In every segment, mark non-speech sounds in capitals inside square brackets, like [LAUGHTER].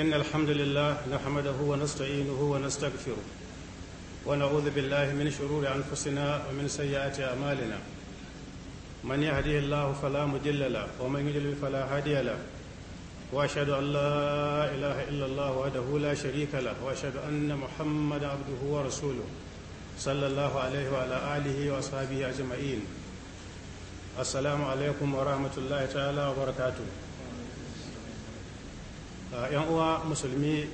إن الحمد لله نحمده ونستعينه ونستغفره ونعوذ بالله من شرور أنفسنا ومن سيئات أعمالنا من يهدي الله فلا مضل له ومن يضلل فلا هادي له وأشهد أن لا إله إلا الله وحده لا شريك له وأشهد أن محمدا عبده ورسوله صلى الله عليه وعلى آله وأصحابه أجمعين السلام عليكم ورحمة الله تعالى وبركاته Ah, yan uwa musulmi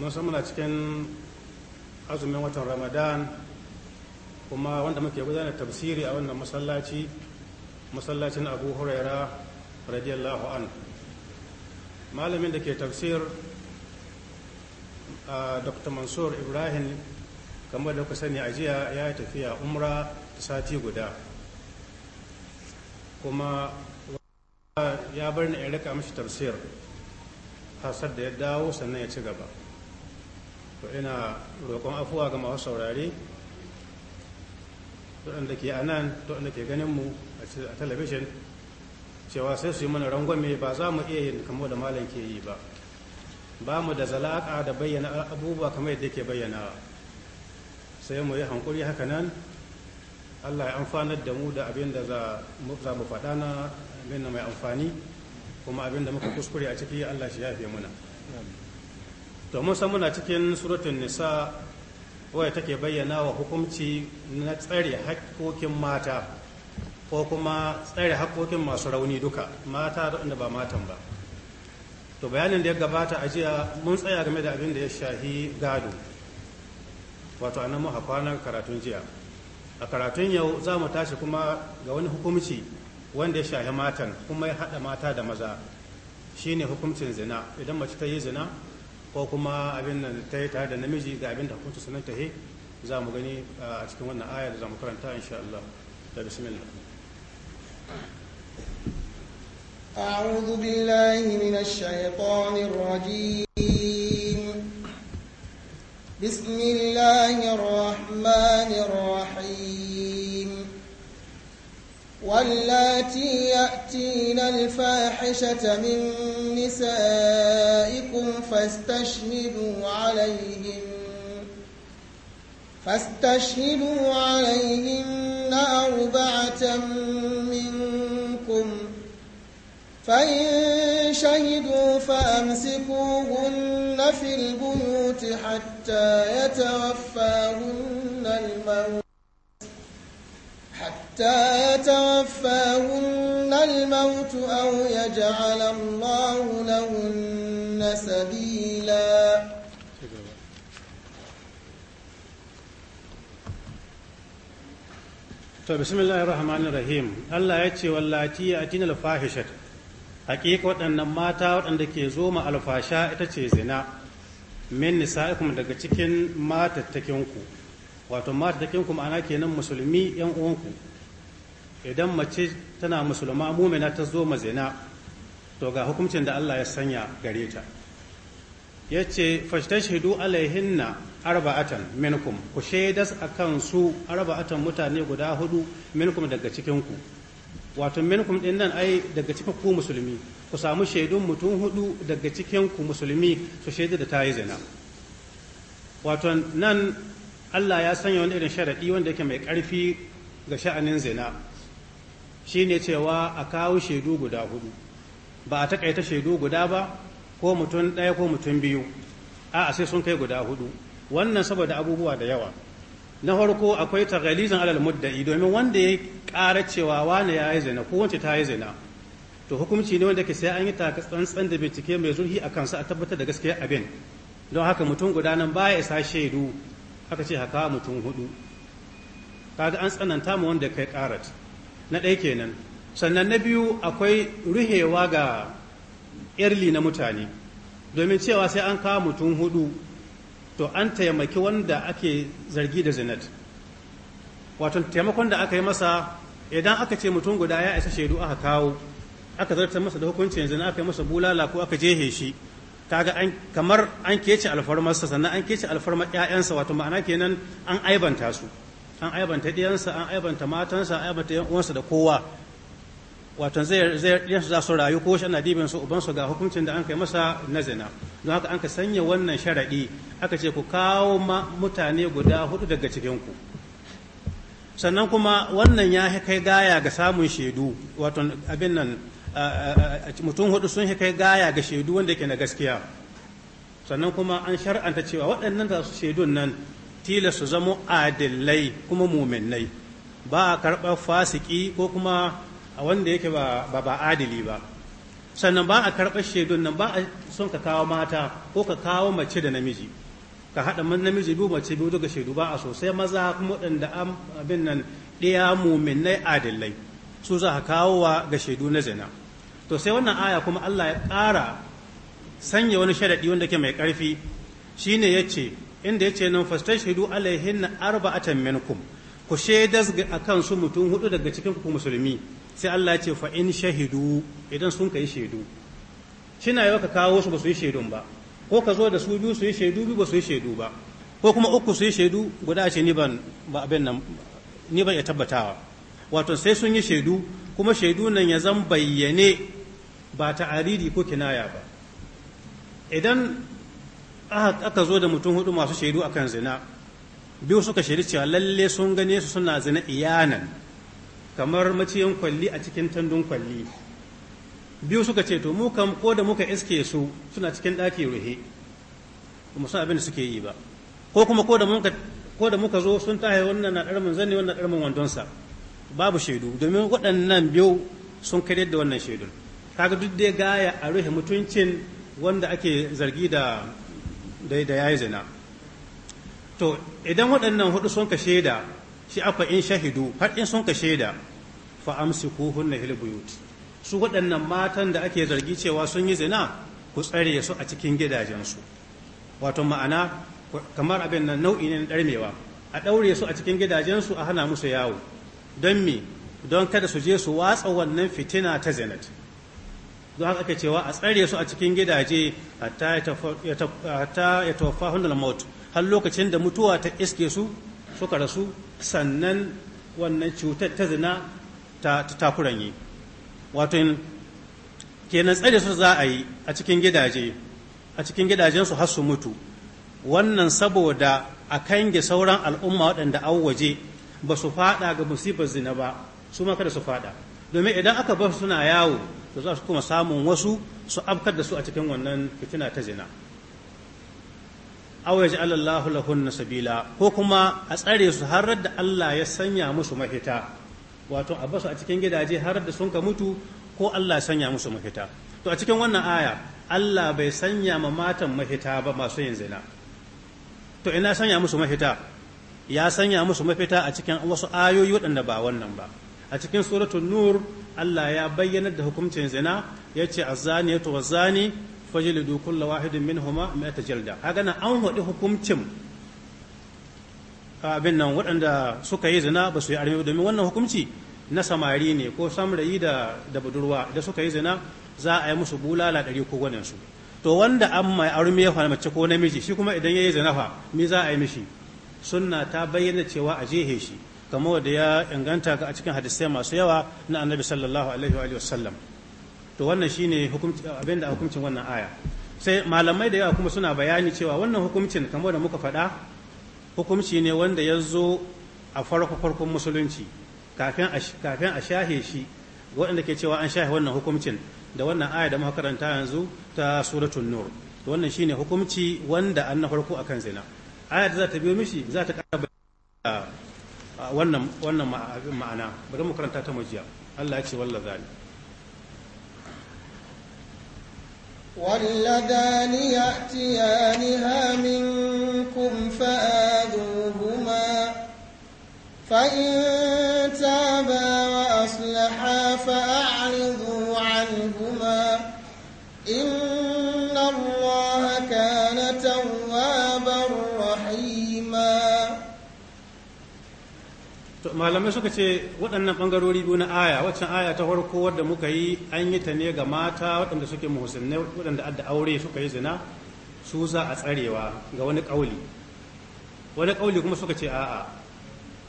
mun san muna cikin azumin watan ramadan kuma wanda muke gudanar tafsiri a wannan masallaci masallacin abu huraira radiyallahu an malamin da ke tafsir ah, a dr mansur ibrahim kamar da ku sani a jiya ya yi tafiya umra sati guda kuma ya bar ni in rika mishi tafsir hasar da ya dawo sannan ya ci gaba to ina roƙon afuwa ga masu saurare waɗanda ke a nan waɗanda ke ganin mu a talabijin cewa sai su yi mana rangwame ba za mu iya yin kamo da malam ke yi ba ba mu da zalaƙa da bayyana abubuwa kamar yadda ke bayyana sai mu yi hankuri haka nan allah ya amfanar da mu da abin da za mu faɗa na abin mai amfani kuma abin da muka kuskure a ciki Allah shi yafe muna to mun san muna cikin suratun nisa waya take bayyana wa hukumci na tsare haƙƙoƙin mata ko kuma tsare haƙƙoƙin masu rauni duka mata da ba matan ba to bayanin da ya gabata a jiya mun tsaya game da abin da ya shahi gado wato annan muka kwana karatun jiya a karatun yau za mu tashi kuma ga wani hukumci wanda ya shahi matan kuma ya haɗa mata da maza shi ne hukuncin zina idan mace ta yi zina ko kuma abin da ta yi tare da namiji ga abin da hukuncin sunan ta yi za mu gani a cikin wannan ayar da za mu karanta insha Allah da bismillah أعوذ بالله من الشيطان الرجيم بسم الله الرحمن الرحيم واللاتي يأتين الفاحشة من نسائكم فاستشهدوا عليهم فاستشهدوا عليهن أربعة منكم فإن شهدوا فأمسكوهن في البيوت حتى يتوفاهن الموت حتى يتوفاهن الموت أو يجعل الله لهن سبيلا to bismillahir rahmanir rahim Allah ya ce wallati atina alfahishat haqiqa waɗannan mata waɗanda ke zo ma alfasha ita ce zina min nisa'ikum daga cikin matattakin ku wato matattakinku ma'ana kenan musulmi yan uwanku idan mace tana musulma mumina ta zo mazina to ga hukuncin da Allah ya sanya gare ta ya ce shaidu alaihinna arba'atan minkum ku shaidas akan su arba'atan mutane guda hudu minkum daga cikinku wato minkum din nan ai daga cikin ku musulmi ku samu shaidun mutum hudu daga cikin ku musulmi su shaidu da tayi zina wato nan Allah ya sanya wani irin sharadi wanda yake mai karfi ga sha'anin zina Shi ne cewa a kawo shaidu guda hudu ba a takaita shaidu guda ba ko mutum ɗaya ko mutum biyu a sai sun kai guda hudu wannan saboda abubuwa da yawa na farko akwai tagalizan alal mudda'i domin wanda ya ƙara cewa wane ya yi zina ko wance ta yi zina to hukumci ne wanda ke sai an yi takatsantsan da bincike mai zurfi a kansa a tabbatar da gaskiya abin don haka mutum guda nan baya isa shaidu aka ce haka mutum hudu kaga an tsananta ma wanda kai karat na ɗaya kenan sannan na biyu akwai ruhewa ga yarli na mutane domin cewa sai an kawo mutum hudu to an taimaki wanda ake zargi da zinat wato taimakon da aka yi masa idan aka ce mutum guda ya isa shaidu aka kawo aka zartar masa da hukuncin zina aka yi masa bulala ko aka jehe shi kaga an kamar an kece alfarmarsa sannan an kece alfarmar ƴaƴansa wato ma'ana kenan an aibanta su an aibanta ɗiyansa an aibanta matansa an aibanta yan uwansa da kowa wato zai zai za su rayu ko shi ana dibin su ubansu ga hukuncin da an kai masa na zina don haka an ka sanya wannan sharaɗi aka ce ku kawo mutane guda hudu daga cikinku sannan kuma wannan ya kai gaya ga samun shaidu wato abin nan mutum hudu sun kai gaya ga shaidu wanda yake na gaskiya sannan kuma an shar'anta cewa waɗannan da su shaidun nan tila su zama adillai kuma mummennai ba a karɓar fasiki ko kuma a wanda yake ba ba adili ba sannan ba a karɓar shaidun nan ba a son ka kawo mata ko ka kawo mace da namiji ka haɗa man namiji biyu mace biyu daga shaidu ba a sosai maza kuma waɗanda abin nan ɗaya muminai adillai su za a kawo wa ga shaidu na zina to sai wannan aya kuma Allah ya ƙara sanya wani sharaɗi wanda ke mai ƙarfi shine ya ce inda ya ce nan shaidu alaihin atan minkum ku shaidas kan su mutum hudu daga cikin ku musulmi sai Allah ya ce fa in shahidu idan sun kai shaidu shina yau ka kawo su ba su yi shaidun ba ko ka zo da su biyu su yi shaidu biyu ba su yi shaidu ba ko kuma uku su yi shaidu guda ce ni ban ya tabbatawa wato sai sun yi shaidu kuma shaidu nan ya zan bayyane ba ta aridi ko kinaya ba idan aka zo da mutum hudu masu shaidu a kan zina biyu suka shaidu cewa lalle sun gane su suna zina iyanan kamar maciyan kwalli a cikin tandun kwalli biyu suka ce to mu kam ko da muka iske su suna cikin ɗaki ruhe kuma sun abin da suke yi ba ko kuma ko da muka zo sun tahe wannan na ɗarmin zanne wannan ɗarmin wandonsa babu shaidu domin waɗannan biyu sun kare da wannan shaidun kaga duk dai gaya a ruhe mutuncin wanda ake zargi da dai da yi zina to idan waɗannan hudu sun ka shaida shi aka in shahidu har sun ka shaida fa ko fil buyut su waɗannan matan da ake zargi cewa sun yi zina ku tsare su a cikin gidajensu wato ma'ana kamar abin nan nau'i ne na ɗarmewa a ɗaure su a cikin gidajensu a hana musu yawo don me don kada su je su watsa wannan fitina ta zinat don haka ake cewa a tsare su a cikin gidaje hatta ya tofa hundar maut har lokacin da mutuwa ta iske su suka rasu sannan wannan cutar ta zina ta yi wato kenan tsare su za a yi a cikin gidaje a cikin gidajensu har su mutu wannan saboda a kange sauran al'umma waɗanda an waje ba su faɗa ga musibar zina ba su ma kada su fada domin idan aka bar suna yawo to za su kuma samun wasu su afkar da su a cikin wannan fitina ta zina aw ji Allahu lahunna sabila ko kuma a tsare su har da Allah ya sanya musu mafita wato a basu a cikin gidaje har da sun ka mutu ko Allah ya sanya musu mafita to a cikin wannan aya Allah bai sanya ma matan mafita ba masu yin zina to ina sanya musu mafita ya sanya musu mafita a cikin wasu ayoyi waɗanda ba wannan ba a cikin suratul nur Allah ya bayyana da hukuncin zina yace az ya waz-zani fajlidu min huma minhuma mi'ata jalda kaga nan an haɗi hukuncin abin nan waɗanda suka yi zina ba su yi armi domin wannan hukunci na samari ne ko samrayi da da budurwa da suka yi zina za a yi musu bulala ɗari ko gwanin su to wanda an mai armi ya fara mace ko namiji shi kuma idan ya yi zina fa me za a yi mishi sunna ta bayyana cewa a jehe shi kamar da ya inganta ka a cikin hadisai masu yawa na annabi sallallahu alaihi wa sallam to wannan shine hukunci abin da hukuncin wannan aya sai malamai da yawa kuma suna bayani cewa wannan hukuncin kamar da muka faɗa hukunci ne wanda ya zo a farko farkon musulunci kafin a shahe shi waɗanda ke cewa an shahe wannan hukuncin da wannan aya da muka karanta yanzu ta suratul nur wannan shine hukunci wanda an na farko akan zina aya da za ta biyo mishi za ta ƙara wannan abin ma'ana bari mu karanta ta majiya Allah ya ce walla zali واللذان يأتيانها منكم فآذوهما فإن malamai suka ce waɗannan ɓangarori biyu na aya waccan aya ta farko wadda muka yi an yi ta ne ga mata waɗanda suke muhsinnai waɗanda adda aure suka yi zina su za a tsarewa ga wani ƙauli wani ƙauli kuma suka ce a'a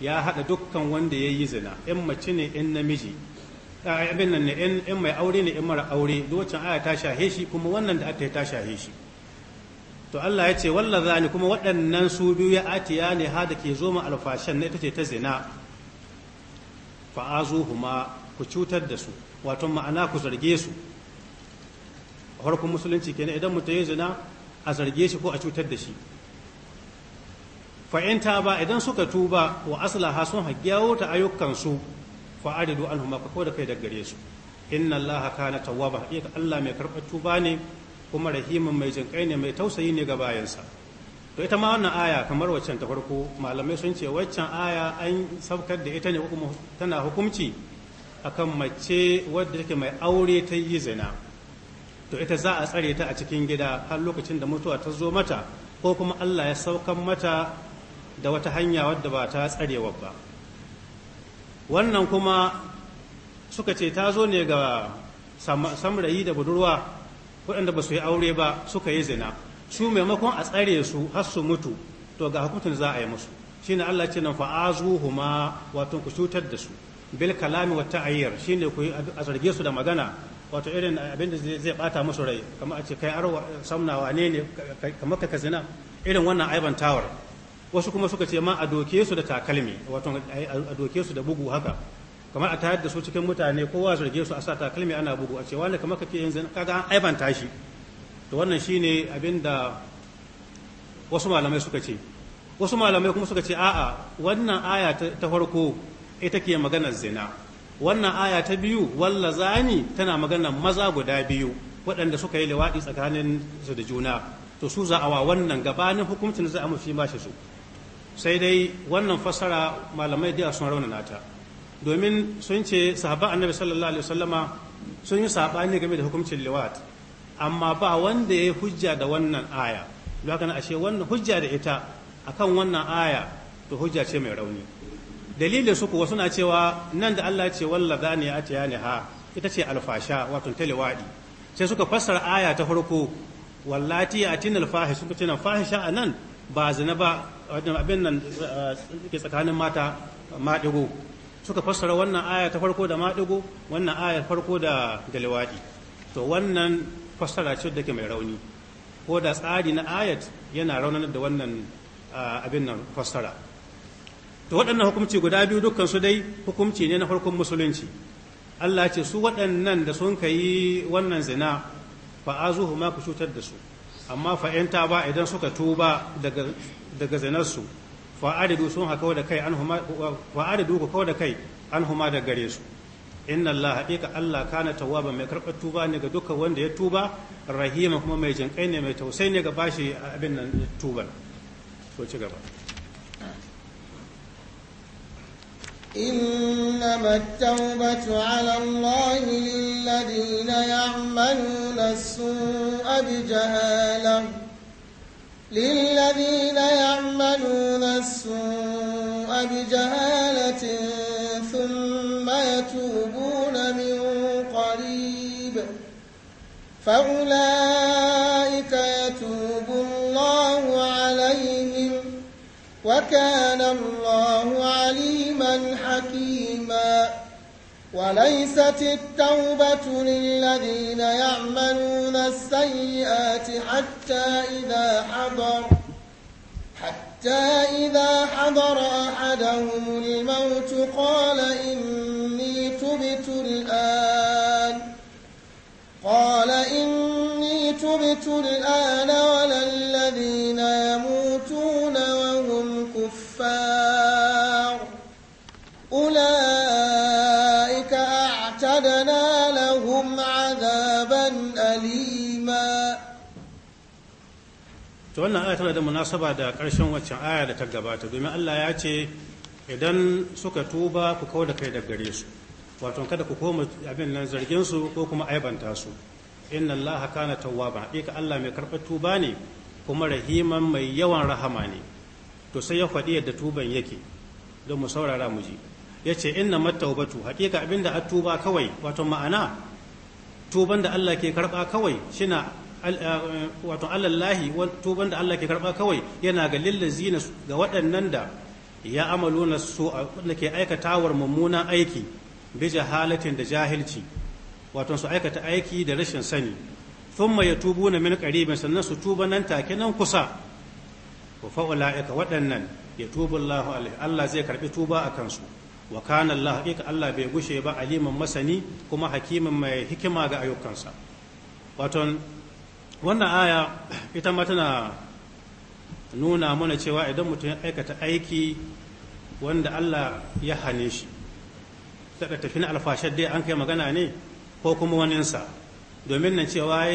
ya haɗa dukkan wanda ya yi zina in mace ne in namiji abin nan ne in mai aure ne in mara aure duk waccan aya ta shahe shi kuma wannan da aka ta shahe shi to Allah ya ce wallaza ne kuma waɗannan su biyu ya atiya ne ha da ke zo ma alfashan na ita ce ta zina fa'azuhuma ku cutar da su wato ma'ana ku zarge su a farkon musulunci kenan idan mutum yin zina a zarge shi ko a cutar da shi fa'in ba idan suka tuba wa aslaha sun haggiyawo ta ayyukansu fa'aridu an huma ka da kai da gare su inna Allah na tawaba iya Allah mai karɓar tuba ne kuma rahimin mai jinƙai ne mai tausayi ne ga bayansa to ita ma wannan aya kamar waccan ta farko malamai sun ce waccan aya an saukar da ita ne tana hukumci akan mace wadda take mai aure ta yi zina to ita za a tsare ta a cikin gida har lokacin da mutuwa ta zo mata ko kuma Allah ya saukan mata da wata hanya wadda ba ta tsarewa ba wannan kuma suka ce ta zo ne ga samrayi da budurwa waɗanda ba su yi aure ba suka yi zina su maimakon a tsare su har su mutu to ga hukuntun za a yi musu shine Allah ce nan ma wato ku cutar da su bil kalami wa ta'ayyir shine ku a zarge su da magana wato irin abin da zai bata musu rai kamar a ce kai arwa samna ne ne kamar ka kazina irin wannan aiban tawar wasu kuma suka ce ma a doke su da takalmi wato a doke su da bugu haka kamar a tayar da su cikin mutane kowa zarge su a sa takalmi ana bugu a ce wani kamar kake yin zina kaga an aibanta shi to wannan shi abin da wasu malamai suka ce wasu malamai kuma suka ce a'a wannan aya ta farko ita ke maganar zina wannan aya ta biyu walla zani tana maganar maza guda biyu waɗanda suka yi liwaɗi tsakanin su da juna to su za a wa wannan gabanin hukuncin za a mafi mashi su sai dai wannan fassara malamai da sun raunana ta domin sun ce sahabban annabi sallallahu alaihi wasallama sun yi saɓani game da hukuncin liwaɗi amma ba wanda ya yi hujja da wannan aya haka ashe wannan hujja da ita akan wannan aya to hujja ce mai rauni dalilin su kuwa suna cewa nan da Allah ce walla zani ya ta ne ha ita ce alfasha wato talewadi sai suka fassara aya ta farko wallati atinal fahish suka ce nan fahisha anan ba zina ba abin nan eh, ke tsakanin mata maɗigo suka fassara wannan aya ta farko da maɗigo wannan aya farko da da to wannan fassara ce da ke mai rauni ko da tsari na ayat yana raunanar da wannan abin nan fassara to waɗannan hukumci guda biyu dukkan su dai hukumci ne na farkon musulunci Allah ce su waɗannan da sun yi wannan zina fa azuhu ma ku cutar da su amma fa ta ba idan suka tuba daga daga zinarsu fa aridu sun haka da kai an huma fa ku kawo da kai an huma da gare su inna Allah haƙiƙa Allah kana tawwaba mai karɓar tuba ne ga dukkan wanda ya tuba rahima kuma mai jinƙai ne mai tausai ne ga bashi abin nan tuban to ci gaba إنما التوبة على الله للذين يعملون السوء بجهالة للذين يعملون السوء فأولئك يتوب الله عليهم وكان الله عليما حكيما وليست التوبة للذين يعملون السيئات حتى إذا حضر حتى إذا حضر أحدهم الموت قال إني تبت الآن قال إني تبت الآن ولا الذين يموتون وهم كفار أولئك أعتدنا لهم عذابا أليما to wannan aya tana da munasaba da ƙarshen waccan aya da ta gabata domin Allah ya ce idan suka tuba ku da kai da gare su wato kada ku koma abin nan zargin su ko kuma aibanta su inna allaha kana tawwaba hakika allah mai karbar tuba ne kuma rahiman mai yawan rahama ne to sai ya faɗi yadda tuban yake don mu saurara mu ji ya ce inna mattaubatu hakika abinda a tuba kawai wato ma'ana tuban da Allah ke karba kawai shina wato alallahi tuban da Allah ke karba kawai yana ga lillazina ga waɗannan da ya amaluna su da ke aikatawar mummunan aiki bi da jahilci wato su aikata aiki da rashin sani tubu na min karibin sannan su tuba nan take nan kusa wa fa'ula'ika waɗannan ya tubu Allah Allah zai karɓi tuba a kansu wa kana Allah hakika Allah bai gushe ba aliman masani kuma hakimin mai hikima ga ayyukansa wato wannan aya ita ma tana nuna mana cewa idan mutum ya aikata aiki wanda Allah ya hane shi daga na alfashar dai an kai magana ne ko kuma waninsa domin nan cewa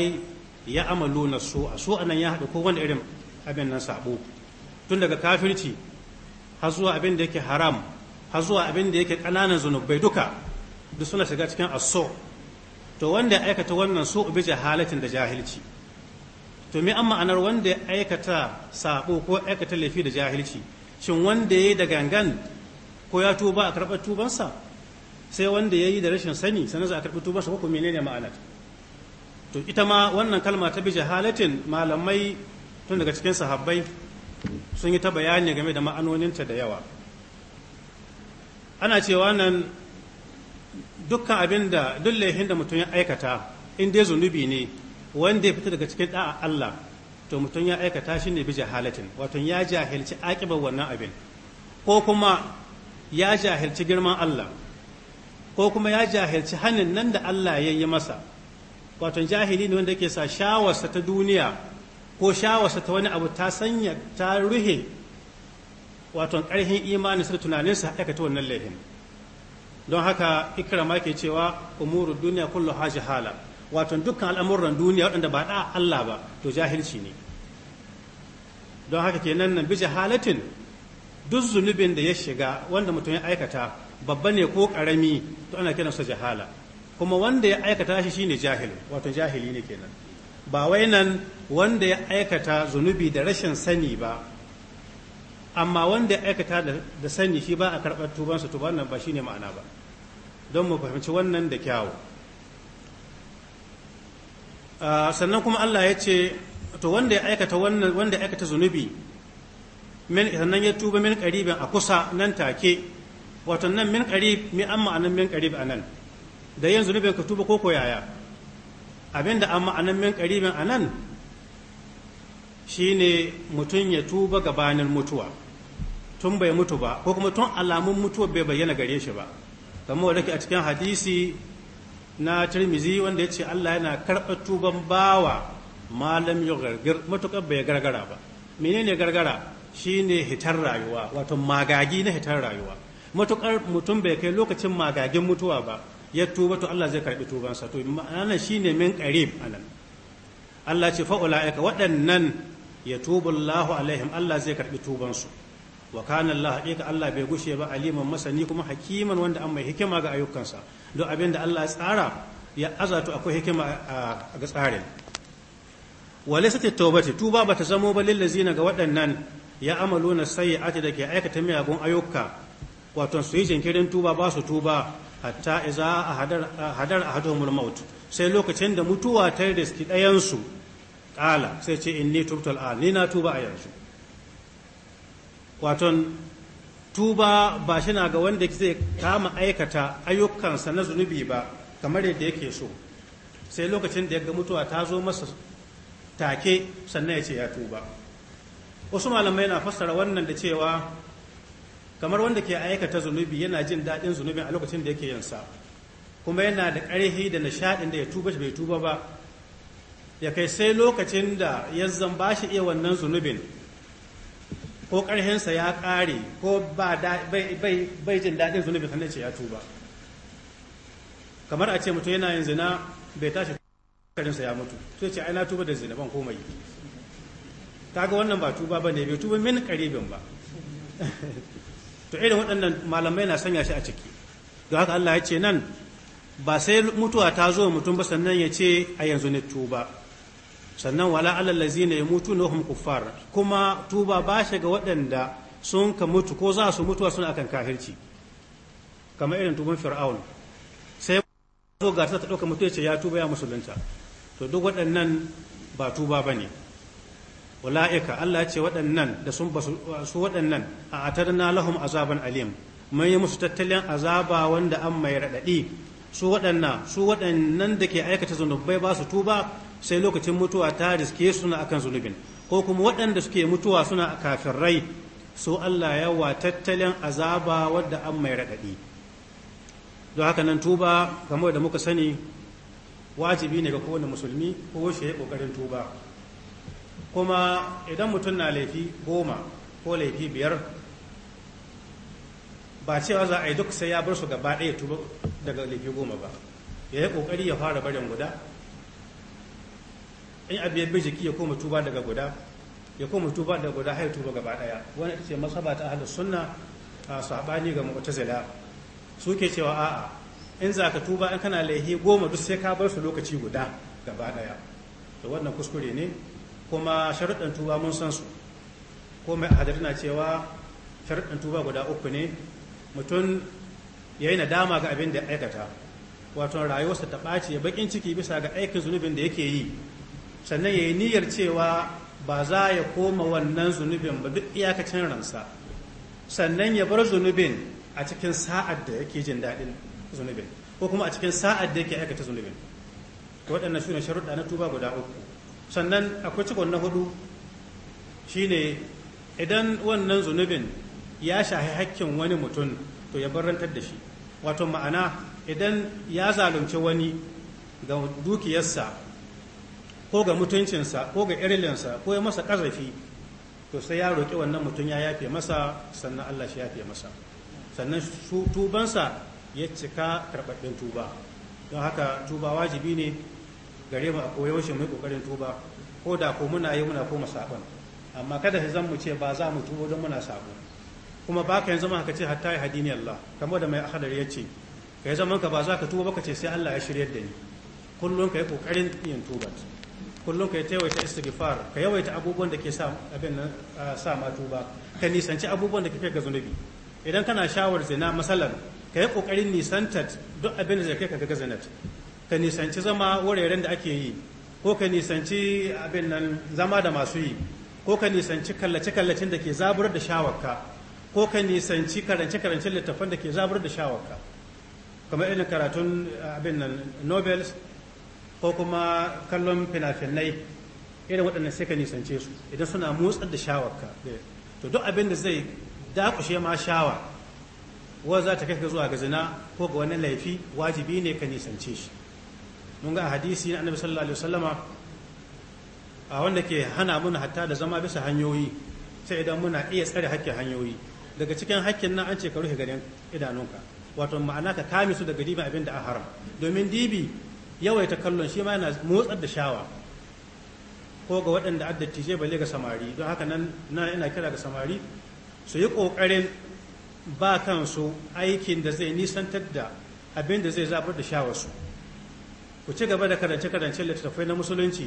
ya amalu na su a su anan ya haɗu ko wani irin abin nan sabo tun daga kafirci har zuwa abin da yake haram har zuwa abin da yake ƙananan zunubai duka duk suna shiga cikin aso to wanda ya aikata wannan su bi jahalatin da jahilci to me an ma'anar wanda ya aikata sabo ko aikata laifi da jahilci shin wanda ya yi da gangan ko ya tuba a karɓar tubansa sai wanda ya yi da rashin sani sannan za a karɓi tubarsa ko kuma menene ma'ana to ita ma wannan kalma ta bi jahalatin malamai tun daga cikin sahabbai sun yi ta bayani game da ma'anoninta da yawa ana cewa nan dukkan abin da duk laihin da mutum ya aikata in dai zunubi ne wanda ya fita daga cikin da'a Allah to mutum ya aikata shi ne bi jahalatin wato ya jahilci akibar wannan abin ko kuma ya jahilci girman Allah ko kuma ya jahilci hannun nan da Allah ya yi masa wato jahili ne wanda ke sa shawarsa ta duniya ko shawarsa ta wani abu ta sanya ta ruhe wato ƙarfin imanin sa tunaninsa ta wannan laifin don haka ikrama ke cewa umuru duniya kullu haji hala wato dukkan al'amuran duniya waɗanda ba da Allah ba to jahilci ne don haka kenan nan bi jahalatin duk zunubin da ya shiga wanda mutum ya aikata babba ne ko karami to ana sa jahala kuma wanda ya aikata shi shine jahil wato jahili ne kenan ba wai nan wanda ya aikata zunubi da rashin sani ba amma wanda ya aikata da sani shi ba a karɓar tubansa to wannan ba shine ma'ana ba don mu fahimci wannan da kyawu ah, sannan kuma Allah ya ce to wanda ya aikata wannan wanda ya aikata zunubi min sannan ya tuba min qaribin a kusa nan take wato nan min karib mi amma anan min karib anan da yanzu zunubin ka tuba koko yaya abin abinda amma anan min qaribin anan shine mutum ya tuba gabanin mutuwa tun bai mutu ba ko kuma tun alamun mutuwa bai bayyana gare shi ba kamar wanda ke a cikin hadisi na tirmizi wanda ya ce Allah yana karɓar tuban bawa malam ya gargar matuƙar bai gargara ba menene gargara shine hitar rayuwa wato magagi na hitar rayuwa matuƙar mutum bai kai lokacin magagin mutuwa ba ya tuba to Allah zai karbi tubansa to ma'ana shine min qarib anan Allah ce fa ulaika waɗannan tubu Allahu alaihim Allah zai karbi tubansu wa kana Allah haƙiƙa Allah bai gushe ba aliman masani kuma hakiman wanda an mai hikima ga ayyukansa don abin da Allah ya tsara ya azatu akwai hikima ga tsarin walisat at-taubati tuba bata zamo ba lillazina ga waɗannan ya amaluna sayyi'ati da ke aikata miyagun ayyuka wato su yi jinkirin tuba ba su tuba hatta iza a hadar ahaduhumul maut sai lokacin da mutuwa ta riski ɗayansu ƙala sai ce inni tubtul al ni na tuba a yanzu Kwaton tuba ba shi na ga wanda zai kama aikata ayyukansa na zunubi ba kamar yadda yake so sai lokacin da ya ga mutuwa ta zo masa take sannan ya ce ya tuba wasu malamai na fassara wannan da cewa kamar wanda ke aikata zunubi yana jin daɗin zunubin a lokacin da yake yansa kuma yana da ƙarfi da nishaɗin da ya tuba shi bai tuba ba ya kai sai lokacin da ya ba shi iya wannan zunubin ko ƙarhinsa ya ƙare ko bai jin daɗin zunubin sannan ce ya tuba kamar a ce mutum yana yin zina bai tashi karinsa ya mutu sai ce ai na tuba da zina ban komai ga wannan ba tuba ba ne bai tuba min karibin ba [LAUGHS] to irin waɗannan malamai na sanya shi a ciki don haka Allah ya ce nan ba sai mutuwa ta zo mutum ba sannan ya ce a yanzu ne tuba sannan wala alal lazina yamutuna hum kuffar kuma tuba ba shi ga waɗanda sun ka mutu ko za su mutuwa suna akan kahirci kamar irin tuban fir'aun sai zo ga ta ɗauka mutu ya ce ya tuba ya musulunta to duk waɗannan ba tuba ba ne ula'ika Allah ya ce waɗannan da sun su waɗannan a atarna lahum azaban alim mai yi musu tattalin azaba wanda an mai raɗaɗi su waɗannan su waɗannan da ke aikata zunubai ba su tuba sai lokacin mutuwa ta riske suna kan zunubin ko kuma waɗanda suke mutuwa suna rai su Allah yawa tattalin azaba wadda an mai raɗaɗi don haka nan tuba kamar da muka sani wajibi ne ga kowane musulmi ko shi ya yi ƙoƙarin tuba kuma idan mutum na laifi goma ko laifi biyar ba cewa za a yi duk sai ya bar su gaba ɗaya tuba daga laifi goma ba ya yi ƙoƙari ya fara barin guda in abu ya jiki ya koma tuba daga guda ya koma tuba daga guda har tuba gaba ɗaya wani ita ce masaba ta ahlus sunna a sabani ga mu'tazila suke cewa a'a in za ka tuba in kana laifi goma duk sai ka bar su lokaci guda gaba ɗaya to wannan kuskure ne kuma sharuɗan tuba mun san su ko mai hadari na cewa sharuɗan tuba guda uku ne mutum ya yi nadama ga abin da ya aikata wato rayuwarsa ta ɓaci ya baƙin ciki bisa ga aikin zunubin da yake yi sannan ya yi niyyar cewa ba za ya koma wannan zunubin ba duk iyakacin ransa sannan ya bar zunubin a cikin sa'ad da yake jin daɗin zunubin ko kuma a cikin sa'ad da yake aikata zunubin waɗannan su ne sharuɗa na tuba guda uku sannan akwai cikon na hudu shine idan wannan zunubin ya shahi hakkin wani mutum to ya barantar da shi wato ma'ana idan ya zalunci wani ga dukiyarsa ko ga mutuncinsa ko ga irilinsa ko ya masa ƙazafi to sai ya roƙi wannan mutum ya yafe masa sannan allah shi yafe masa sannan tubansa ya cika karɓaɓɓen tuba don haka tuba wajibi ne gare mu a koyaushe mai kokarin tuba ko da ko muna yi muna koma sabon amma kada shi zan mu ce ba za mu tubo don muna sabon kuma ba ka yanzu ma ka ce hatta ya hadini Allah kamar da mai ahadar ya ce ka yi zaman ka ba za ka tuba ba ce sai Allah ya shirya da ni kullum ka yi kokarin yin tuba kullum ka yi taiwaita istighfar ka yawaita abubuwan da ke sa ma tuba ka nisanci abubuwan da ke ga zunubi idan kana shawar zina masalan ka yi kokarin nisantar duk abin da zai kai ka ga zinat ka nisanci zama wuraren da ake yi ko ka nisanci abin nan zama da masu yi ko ka nisanci kallace-kallacen da ke zabur da shawarka ko ka nisanci karance-karancen littattafan da ke zabur da shawarka kamar irin karatun eh, abin nan nobels ko kuma kallon fina-finai irin waɗannan sai ka nisance su idan suna motsar da shawarka eh, to duk abin da zai dakushe ma shawa wanda za ta kai ka zuwa ga zina ko ga wani laifi wajibi ne ka nisance shi mun ga hadisi na annabi sallallahu alaihi wasallama a wanda ke hana mun hatta da zama bisa hanyoyi sai idan muna iya tsare hakkin hanyoyi daga cikin hakkin nan an ce ka rufe garin idanunka wato ma'ana ka kame su daga dibin abin da an haram domin dibi yawaita kallon shi ma yana motsar da shawa ko ga waɗanda addattijai balle ga samari don haka nan na ina kira ga samari su yi ƙoƙarin ba kansu aikin da zai nisantar da abin da zai zabar da shawarsu ku ci gaba da karance karance littattafai na musulunci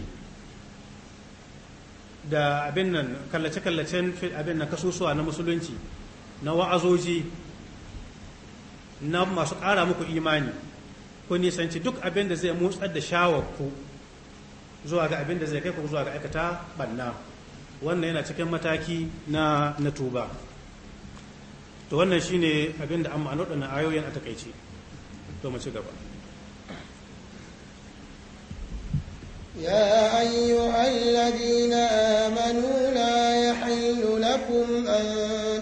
da abin nan kallace-kallacen abin nan kasusuwa na musulunci na wa'azoji na masu ƙara muku imani ku nisanci duk abin da zai motsar da shawarku zuwa ga abin da zai kai ku zuwa ga aikata banna wannan yana cikin mataki na na tuba to wannan shine abin da an ma'anar ayoyin a takaice to mu ci gaba يا أيها الذين آمنوا لا يحل لكم أن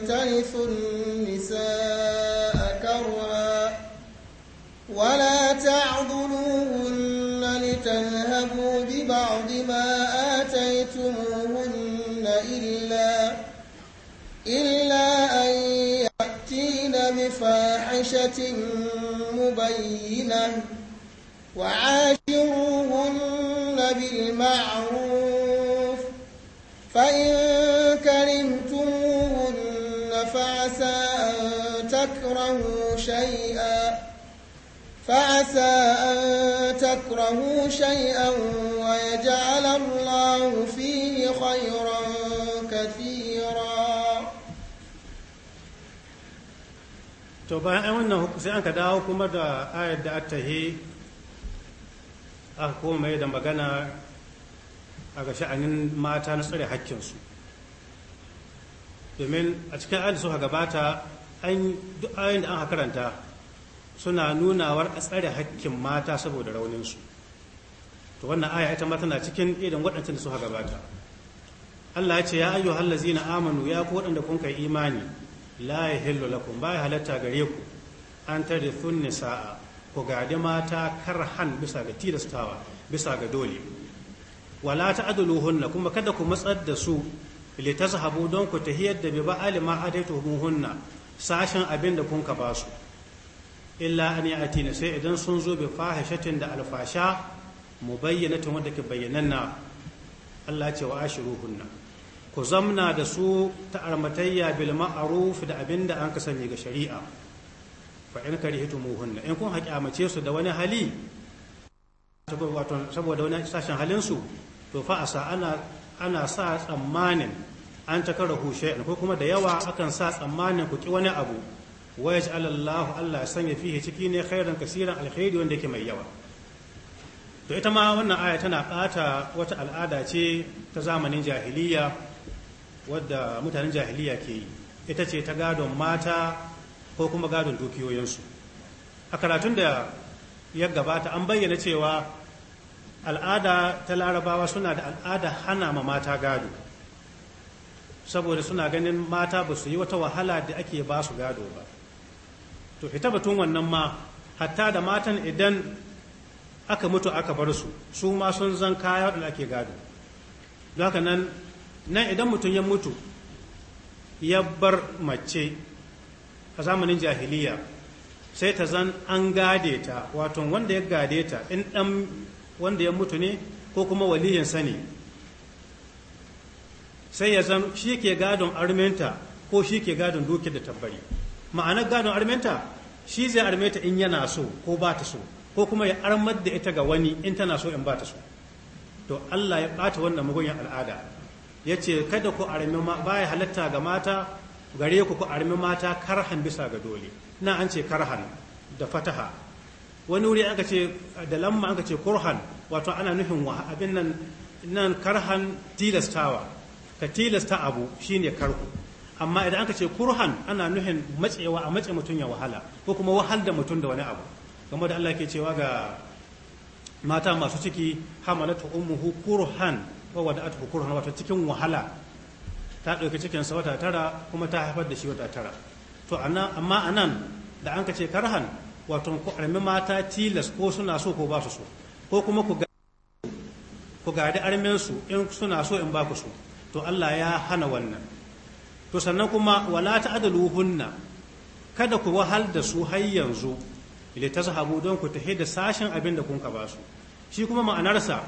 ترثوا النساء كرها ولا تعضلوهن لتنهبوا ببعض ما آتيتموهن إلا إلا أن يأتين بفاحشة مبينة وعاش بالمعروف فإن كرمتموهن فعسى أن تكرهوا شيئا فعسى أن تكرهوا شيئا ويجعل الله فيه خيرا كثيرا توبا أنا وأنا wannan sai an ka dawo kuma da ayar da attahi aka a ga sha'anin mata na tsare hakkinsu domin a cikin ayin suka gabata an ayin da an karanta suna nunawar a tsare hakkin mata saboda rauninsu to wannan aya ita mata na cikin irin waɗancan da suka gabata Allah ya ce ya ayyu hallazina amanu ya ku waɗanda kun kai imani la yahillu lakum ba halatta gare ku an tarithun nisaa ku gadi mata karhan bisa ga tilastawa bisa ga dole wala ta'duluhunna kuma kada ku matsar da su li tazhabu don ku tahiyar da bi ba'al ma adaituhunna sashen abin da kun ka ba su illa an yatina sai idan sun zo bi fahishatin da alfasha mubayyinatin wanda ke bayyananna Allah ce wa ashiruhunna ku zamna da su ta armatayya bil ma'ruf da abin da an ka ga shari'a fa in karihtumuhunna in kun haƙi amace su da wani hali saboda wani sashen halinsu to fa asa ana ana sa tsammanin an takarahu shay'an ko kuma da yawa akan sa tsammanin ku ki wani abu wa yaj'al Allah Allah ya sanya fihi ciki ne khairan kasiran alkhairi wanda yake mai yawa to ita ma wannan aya tana ɓata wata al'ada ce ta zamanin jahiliya wadda mutanen jahiliya ke yi ita ce ta gadon mata ko kuma gadon dukiyoyinsu a karatun da ya gabata an bayyana cewa al'ada ta larabawa suna da al'ada hana ma mata gado saboda suna ganin mata ba su yi wata wahala da ake ba su gado ba to fita batun wannan ma hatta da matan idan aka mutu aka bar su su ma sun zan kaya da ake gado don haka nan nan idan mutum ya mutu ya bar mace a zamanin jahiliya sai ta zan an gade ta wato wanda ya gade ta in dan wanda ya mutu ne ko kuma waliyin sani sai ya zan shi ke gadon armenta ko shi ke gadon doki da tabbari ma'ana gadon armenta shi zai armeta in yana so ko ba ta so ko kuma ya armar da ita ga wani in tana so in ba ta so to Allah ya ɓata wannan mugunyan al'ada ya ce kada ku armi baya halatta ga mata gare ku ku armi mata karhan bisa ga dole na an ce karhan da fataha wani wuri aka ce da lamma aka ce kurhan wato ana nufin wa abin nan nan karhan tilastawa ka tilasta abu shine karku amma idan aka ce kurhan ana nufin matsewa a matse mutum ya wahala ko kuma wahal da mutum da wani abu kamar da Allah ke cewa ga mata masu ciki hamalatu ummuhu kurhan wa wada'atuhu kurhan wato cikin wahala ta ɗauki cikin sa wata tara kuma ta haifar da shi wata tara to amma anan da an ka ce karhan wato ku armi mata tilas ko suna so ko ba su so ko kuma ku gadi arminsu in suna so in ba ku so to Allah ya hana wannan to sannan kuma wala ta'adaluhunna kada ku wahal da su har yanzu ile ta zahabu don ku tahi da sashen abin da kun ka basu shi kuma ma'anarsa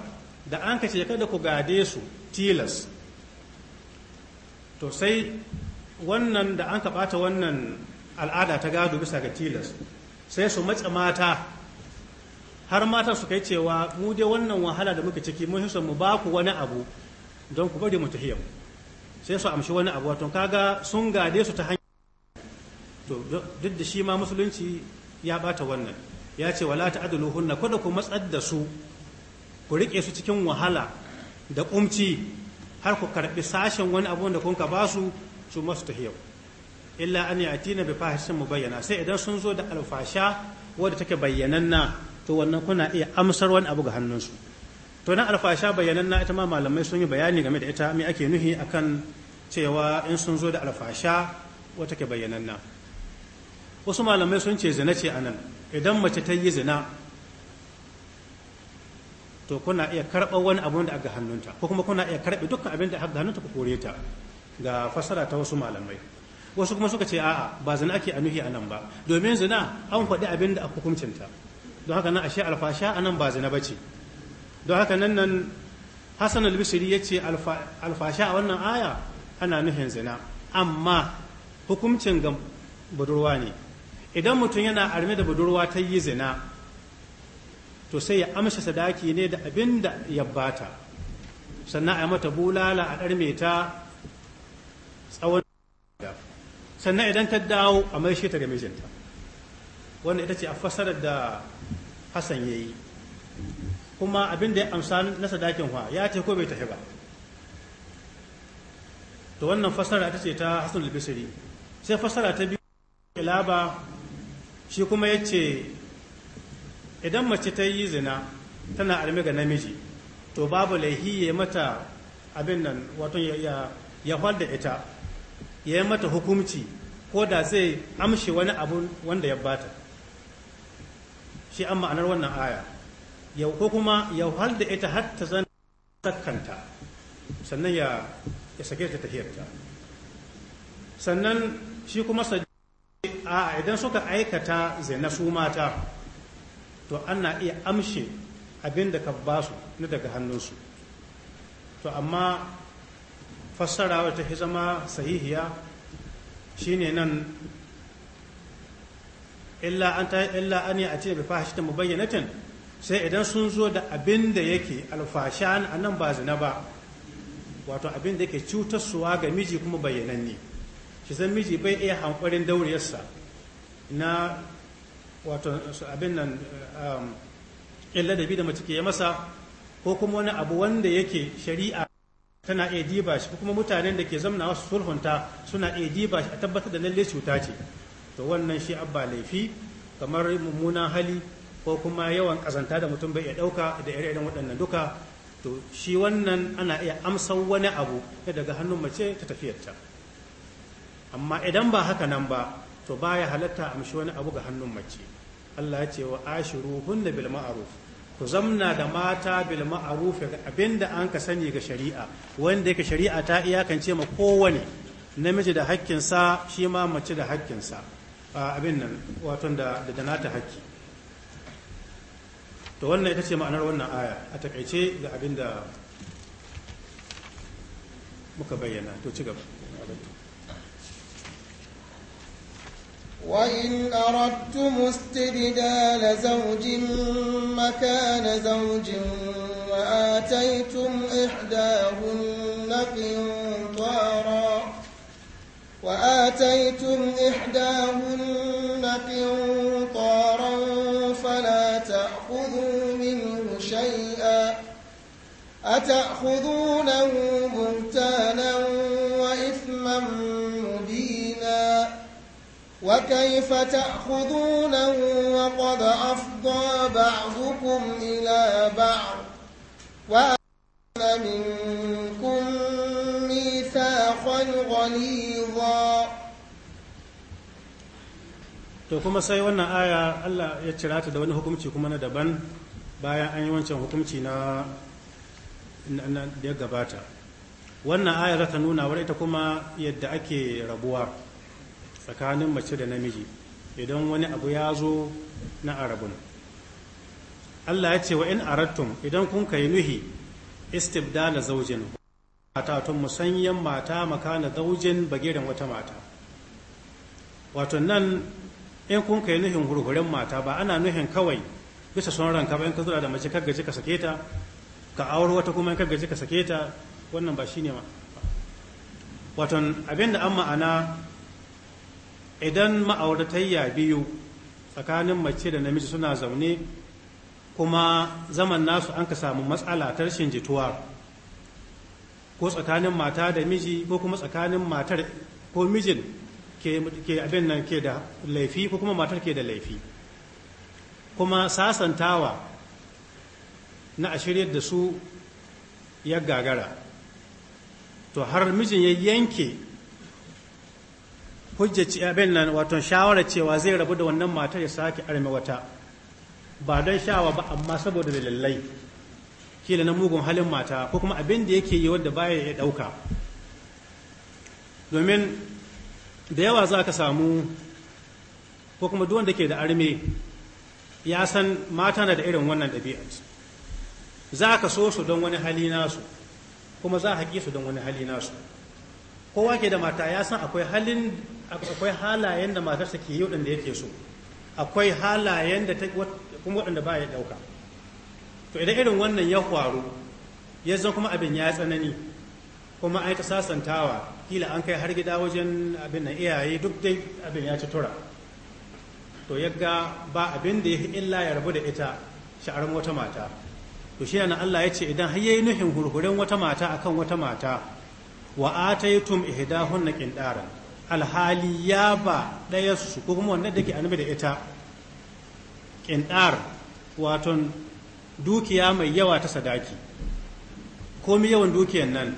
da an ka ce kada ku gade su tilas to sai wannan da an ka bata wannan al'ada ta gado bisa ga tilas sai su matsa mata har mata su kai cewa mu dai wannan wahala da muka ciki mun so mu ba ku wani abu don ku bari mu tahiyyar sai su amshi wani abu wato kaga sun gade su ta hanyar to duk da shi ma musulunci ya bata wannan ya ce wala ta'adulu hunna kada ku matsar da su ku rike su cikin wahala da kumci har ku karbi sashen wani abu da kun ka basu su masu tahiyyar illa an yatina bi fahishin mubayyana sai idan sun zo da alfasha wadda take bayyananna to wannan kuna iya amsar wani abu ga hannunsu to na alfasha na ita ma malamai sun yi bayani game da ita me ake nuhi akan cewa in sun zo da alfasha wadda take bayyananna wasu malamai sun ce zina ce anan idan mace ta yi zina to kuna iya karɓar wani abu da aka hannunta ko kuma kuna iya karɓe dukkan abin da aka hannunta ku kore ta ga fasara ta wasu malamai wasu kuma suka ce a'a ba zina ake nuhi a nan ba domin zina an faɗi abin da aka hukuncinta don haka nan ashe alfasha a nan ba zina ba ce don haka nan nan hassan albishiri ya ce alfasha a wannan aya ana nuhin zina amma hukuncin ga budurwa ne idan mutum yana arme da budurwa ta yi zina to sai ya amsa sadaki ne da abin da ya bata sannan a mata bulala a ɗarme ta tsawon sannan idan ta dawo a mai shi ta ga mijinta wannan ita ce a fasarar da hassan ya yi kuma abin da ya amsa na sadakin wa ya ce ko bai tafi ba to wannan fasara ta ce ta hassan albisiri sai fasara ta biyu ilaba shi kuma ya ce idan mace ta yi zina tana armi ga namiji to babu laihi ya mata abin nan wato ya da ita ya yi mata hukumci ko da zai amshe wani abu wanda ya bata shi an ma'anar wannan aya yau ko kuma yau hal da ita har ta zan sakkanta sannan ya sake ta tahiyarta sannan shi kuma a idan suka aikata zina su mata to ana iya amshe abin da ka basu na daga hannunsu to amma fassara wata fi zama sahihiya shine nan illa an ta illa an ya ati mu bayyana mubayyinatin sai idan sun zo da abin da yake alfashan nan ba zina ba wato abin da yake cutarsuwa ga miji kuma bayyananne shi zan miji bai iya hankurin dauriyarsa na wato abin nan um, illa da bi da mace ke masa ko kuma wani abu wanda yake shari'a tana iya diba shi kuma mutanen da ke zamna su sulhunta suna iya diba shi a tabbatar da lalle cuta ce to wannan shi abba laifi kamar mummunan hali ko kuma yawan kazanta da mutum bai iya dauka da ire iren waɗannan duka to shi wannan ana iya amsa wani abu daga hannun mace ta tafiyarta amma idan ba haka nan ba to baya halatta amshi wani abu ga hannun mace Allah ya ce wa ashiru hunna bil ma'ruf ku zamna da mata bil ma'ruf abinda an ka sani ga shari'a wanda yake shari'a ta iyakance ma kowane namiji da sa shi ma mace da sa abin nan wato da da danata hakki to wannan ita ce ma'anar wannan aya a takaice ga abinda muka bayyana to ci gaba وإن أردتم استبدال زوج مكان زوج وآتيتم إحداهن قنطارا وآتيتم إحداهن قنطارا فلا تأخذوا منه شيئا أتأخذونه بهتانا وكيف تأخذونه وقد أفضى بعضكم إلى بعض وأخذ منكم ميثاقا غليظا to kuma sai wannan aya Allah ya cira ta da wani hukumci kuma na daban bayan an yi wancan hukumci na da ya gabata wannan aya za ta nuna wadda ita kuma yadda ake rabuwa tsakanin mace da namiji idan wani abu ya zo na arabun Allah ya ce wa in arattum idan kun kai nuhi istibdala zaujin mata tun musanyan mata makana zaujin bagiran wata mata wato nan in kun kai nuhin hurhuren mata ba ana nuhin kawai bisa son ranka ba in ka zura da mace kaggaji ka sake ta ka auro wata kuma in kaggaji ka sake ta wannan ba shine ma wato abinda an ma'ana idan ma'auratayya biyu tsakanin mace da namiji suna zaune kuma zaman nasu an ka samu matsala ta rashin jituwa ko tsakanin mata da miji ko kuma tsakanin matar ko mijin ke abin nan ke da laifi ko kuma matar ke da laifi kuma sasantawa na a da su ya gagara to har mijin ya yanke hujjaci abin nan wato shawara cewa zai rabu da wannan matar ya sake arme wata ba don shawa ba amma saboda dalilai kila na mugun halin mata ko kuma abin da yake yi wadda baya ya ɗauka domin da yawa za ka samu ko kuma duk ke da arme ya san mata na da irin wannan ɗabi'at za ka so su don wani hali nasu kuma za a haƙi su don wani hali nasu kowa ke da mata ya san akwai halin akwai halayen da matarsa ke yi waɗanda yake so akwai halayen da ta kuma waɗanda ba ya ɗauka to idan irin wannan ya faru ya zan kuma abin ya tsanani kuma an ta sasantawa kila an kai har gida wajen abin nan iyaye duk dai abin ya ci tura to ya ga ba abin da ya fi illa ya rabu da ita sha'arar wata mata to shi yana Allah ya ce idan har yayi nuhin hurhuren wata mata akan wata mata wa ataytum ihdahunna qindaran alhali ya ba su ko kuma wanda da ke annabi da ita ƙinɗar waton dukiya mai yawa ta sadaki komi yawan dukiyan nan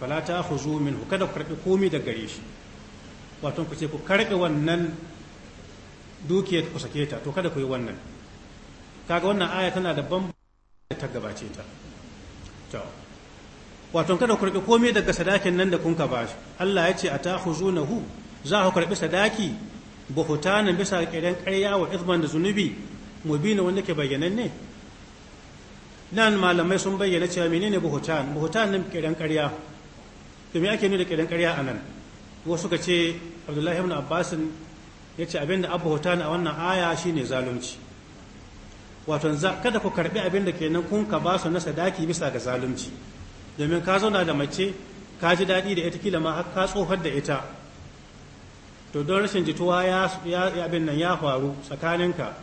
fala ta zo min kada ku karɓi komi da gare shi waton ku ce ku karɓi wannan dukiyar ku sake ta to kada ku yi wannan kaga wannan aya tana da bambam da ta gabace ta wato kada ku karbi komai daga sadakin nan da kun ka shi Allah ya ce hu za ku karbi sadaki buhutanan bisa kiran ƙarya wa izman da zunubi mubina wanda ke bayyananne nan malamai sun bayyana cewa menene buhutan buhutan nan kiran ƙarya to me ake nuna kiran ƙarya nan wasu ka ce Abdullahi ibn Abbas ya ce abinda abu hutan a wannan aya shine zalunci wato kada ku karbi abinda da kenan kun ka ba su na sadaki bisa ga zalunci domin ka zauna da mace ka ji daɗi da ita kila ma har ka tsofar da ita to don rashin jituwa ya abin nan ya faru tsakaninka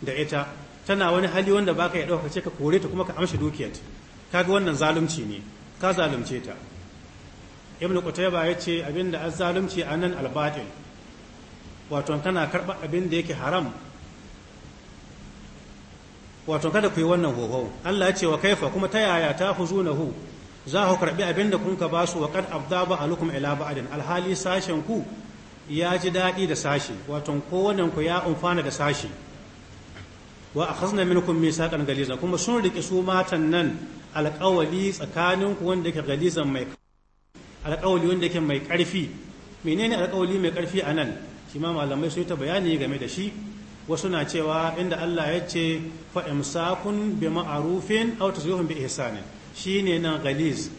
da ita tana wani hali wanda baka ya ɗauka ce ka kore ta kuma ka amshi dukiyar ga wannan zalunci ne ka zalunce ta ibn qutayba ya ce abinda az zalunci anan al-batil wato kana karba abin da yake haram wato kada ku yi wannan hoho Allah ce wa kaifa kuma ta yaya ta hu? za ku karbi abin da kun ka ba su wa kad abda ba alukum ila alhali sashen ku ya ji daɗi da sashi wato kowane ku ya umfana da sashi wa akhazna minkum misaqan galiza kuma sun rike su matan nan alƙawali tsakanin ku wanda yake galizan mai alƙawali wanda yake mai ƙarfi menene alƙawali mai ƙarfi a nan shi ma malamai sun yi ta bayani game da shi wasu na cewa inda Allah ya ce fa imsakun bi ma'rufin aw tasrifun bi ihsanin shine nan galiz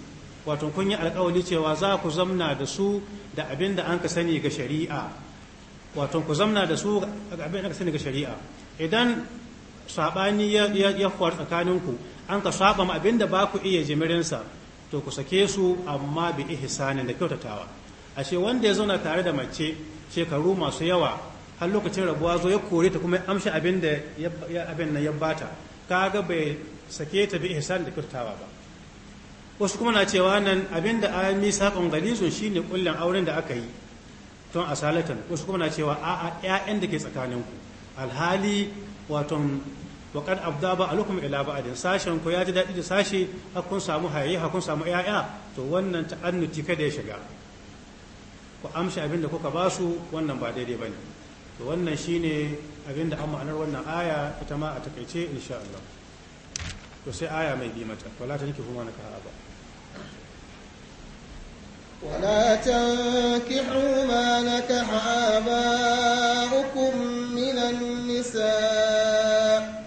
wato kun yi alkawali cewa za ku zamna da su da abin da an ka sani ga shari'a wato ku zamna da su ga abin da ka sani ga shari'a idan sabani ya kwar tsakaninku an ka saba ma abin da ba ku iya jimirinsa to ku sake su amma bi ihsanin da kyautatawa ashe wanda ya zauna tare da mace shekaru masu yawa har lokacin rabuwa zo ya kore ta kuma ya amshi abin da abin nan ya bata kaga bai sake ta bi ihsanin da kyautatawa ba wasu kuma na cewa nan abinda ayan sun galizun ne kullum auren da aka yi tun a salatan wasu kuma na cewa a ƴaƴan da ke tsakaninku alhali waton wakar abda ba alukum ila adin sashen ku ya ji daɗi da sashe hakun samu haye hakun samu ƴaƴa to wannan ta'annuti kada ya shiga ku amshi abin kuka ba su wannan ba daidai ba ne to wannan shine abin da an ma'anar wannan aya ita ma a takaice insha Allah to sai aya mai bi mata wala ta tankihu ma nakaha ba ولا تنكحوا ما نكح آباؤكم من النساء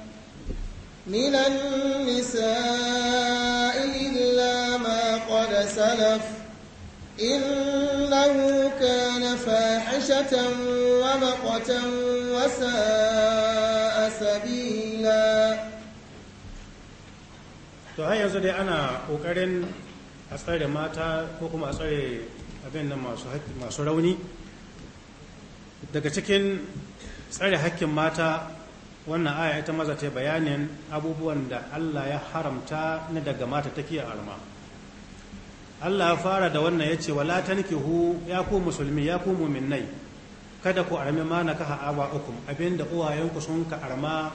من النساء إلا ما قد سلف إنه كان فاحشة ومقتا وساء سبيلا to har yanzu dai ana ƙoƙarin a tsare mata ko kuma a tsare abin nan masu rauni daga cikin tsare hakkin mata wannan aya ita maza ta bayanin abubuwan da allah ya haramta na daga mata ta a arma allah ya fara da wannan ya ce wala tankihu ya ku musulmi ya ku muminai kada ku armi ma na kaha aba ukum abinda uwayenku sun ka arma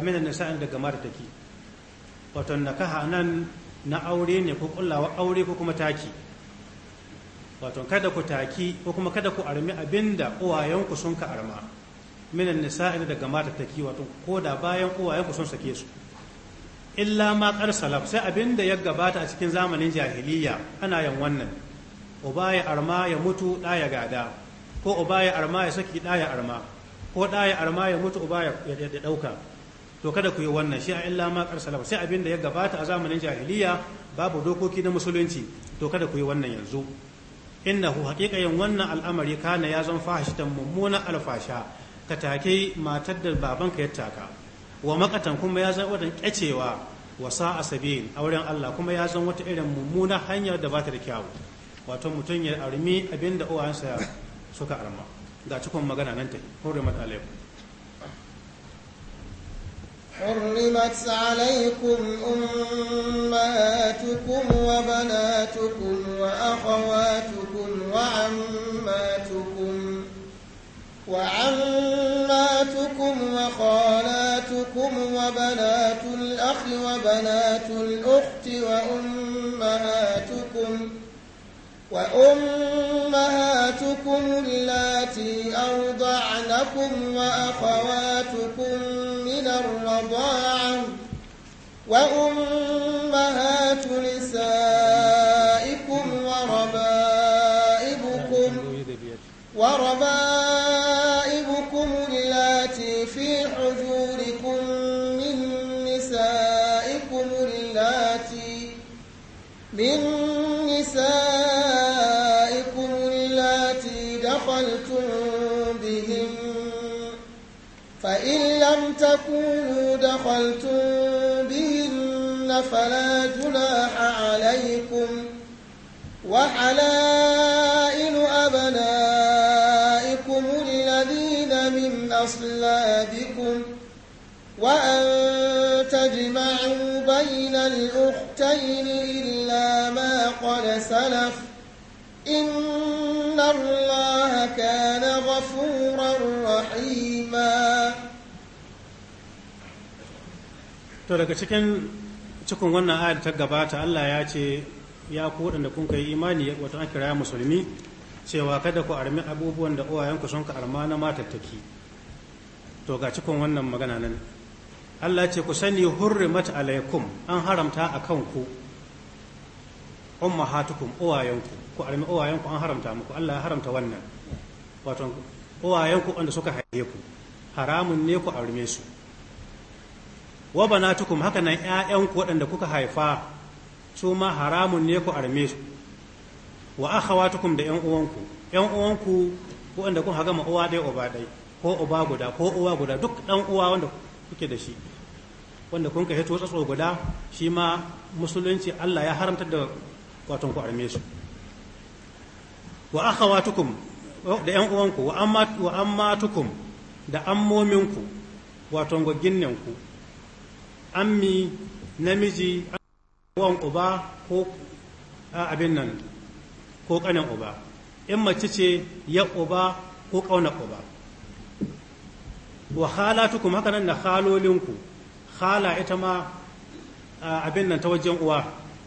minan eh, nisa'in daga mata ki wato na kaha nan na aure ne ko kullawa aure ko kuma taki wato kada ku taki ko kuma kada ku armi abinda uwayenku sun ka arma minan nisa'i daga mata taki wato ko da bayan uwayenku sun sake su illa ma qar salaf sai abinda ya gabata a cikin zamanin jahiliya ana yin wannan uba ya arma ya mutu da ya gada ko uba ya arma ya saki da ya arma ko da ya arma ya mutu uba ya dauka to kada ku yi wannan shi a illa ma karsala sai abin da ya gabata a zamanin jahiliya babu dokoki na musulunci to kada ku yi wannan yanzu innahu haqiqatan wannan al'amari kana ya zan ta mummuna alfasha ka take matar da babanka ya taka wa makatan kuma ya zan wata ƙyacewa wa sa'a a auren Allah kuma ya zan wata irin mummuna hanyar da bata da kyawu wato mutum ya armi abin da uwansa suka arma ga cikon magana nan ta hurrimat alaikum حرمت عليكم أمهاتكم وبناتكم وأخواتكم وعماتكم وعماتكم وخالاتكم وبنات الأخ وبنات الأخت وأمهاتكم وأمهاتكم اللاتي أرضعنكم وأخواتكم من الرضاعة وأمهات نسائكم وربائبكم وربائبكم تكونوا دخلتم بهن فلا جناح عليكم وحلائل أبنائكم الذين من أصلابكم وأن تجمعوا بين الأختين إلا ما قد سلف إن الله كان غفورا to daga cikin cikin wannan ayar ta gabata Allah ya ce ya ku waɗanda kun kai imani wata an kira musulmi cewa kada ku armi abubuwan da uwayenku sun ka arma na matattaki to ga cikin wannan magana nan Allah ce ku sani hurrimat alaikum an haramta a kanku ummahatukum uwayenku ku armi uwayenku an haramta muku Allah ya haramta wannan wato uwayenku wanda suka haife ku haramun ne ku arme su wa banatukum haka nan ku waɗanda kuka haifa su ma haramun ne ku arme su wa akhawatukum da ƴan uwanku ƴan uwanku waɗanda kun haga uwa ɗaya uba ɗaya ko uba guda ko uwa guda duk ɗan uwa wanda kuke da shi wanda kun ka hito tsatso guda shi ma musulunci Allah ya haramta da waton ku arme su wa akhawatukum oh, da ƴan uwanku wa amma wa ammatukum da ammominku waton ku. ammi namiji wan uba ko abin nan ko kanin uba in mace ce ya uba ko kauna uba wa halatukum haka nan na halolinku hala ita ma abin nan ta wajen uwa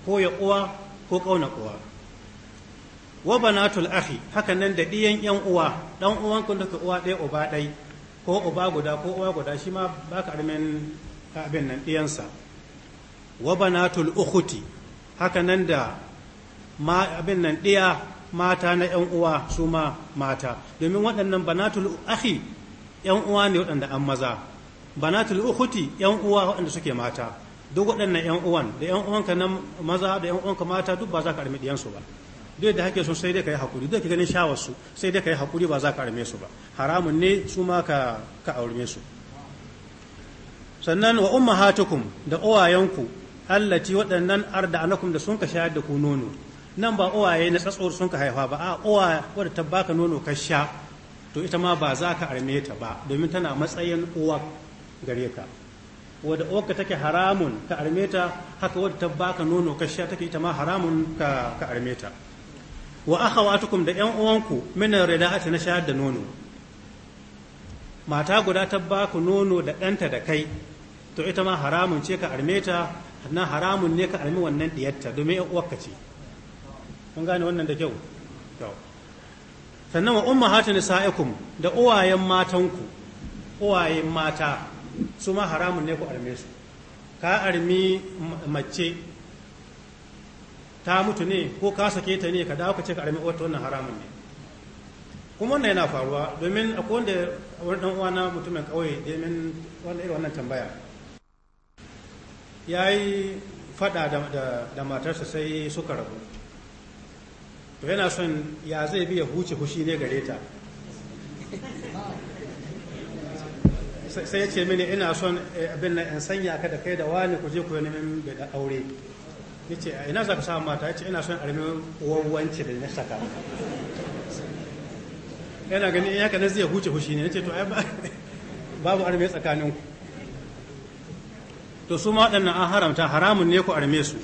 ko ya uwa ko kauna uwa wa banatul akhi haka nan da diyan yan uwa dan uwan kun da uwa ɗaya uba ɗai ko uba guda ko uwa guda shi ma baka armen abin nan ɗiyansa wa banatul ukhuti haka nan da abin nan ɗiya mata na yan uwa su ma mata domin waɗannan banatul akhi yan uwa ne waɗanda an maza banatul ukhuti yan uwa waɗanda suke mata duk waɗannan yan uwan da yan uwan ka maza da yan ka mata duk ba za ka arme diyansu ba duk da hake sun sai dai ka yi hakuri duk da ganin shawarsu sai dai ka yi hakuri ba za ka arme su ba haramun ne su ma ka aure su sannan wa ummahatukum da uwayenku allati waɗannan anakum da sun ka shayar da ku nono nan ba uwaye na tsatsor sun ka haifa ba a uwa wadda ta baka nono ka sha to ita ma ba za ka arme ta ba domin tana matsayin uwa gare ka wadda uwarka take haramun ka arme ta haka wadda ta baka nono ka sha take ita ma haramun ka ka arme ta wa akhawatukum da yan uwanku min rida'ati na shayar da nono mata guda ta baku nono da ɗanta da kai to ita ma haramun ce ka arme ta na haramun ne ka armi wannan diyatta domin yan uwarka ce kun gane wannan da kyau sannan wa ummahatu nisaikum da uwayen matanku uwayen mata su ma haramun ne ku arme su ka armi mace ta mutu ne ko ka sake ta ne ka dawo ka ce ka armi wata wannan haramun ne kuma wannan yana faruwa domin akwai wanda wani dan uwa na mutumin kauye domin wannan irin wannan tambaya ya yi fada da matarsa sai suka rabu to yana son ya zai biya huce hushi ne gare ta sai ya ce mini ina son eh, abin nan in sanya ka da kai da wani ku je ku neman da aure ya ce ina za ka samu mata ya ce ina son armin wawanci da na saka yana ganin ya yaka na zai huce hushi ne ya ce to ai [LAUGHS] babu armi tsakaninku to su ma waɗannan an haramta haramun ne ku arme su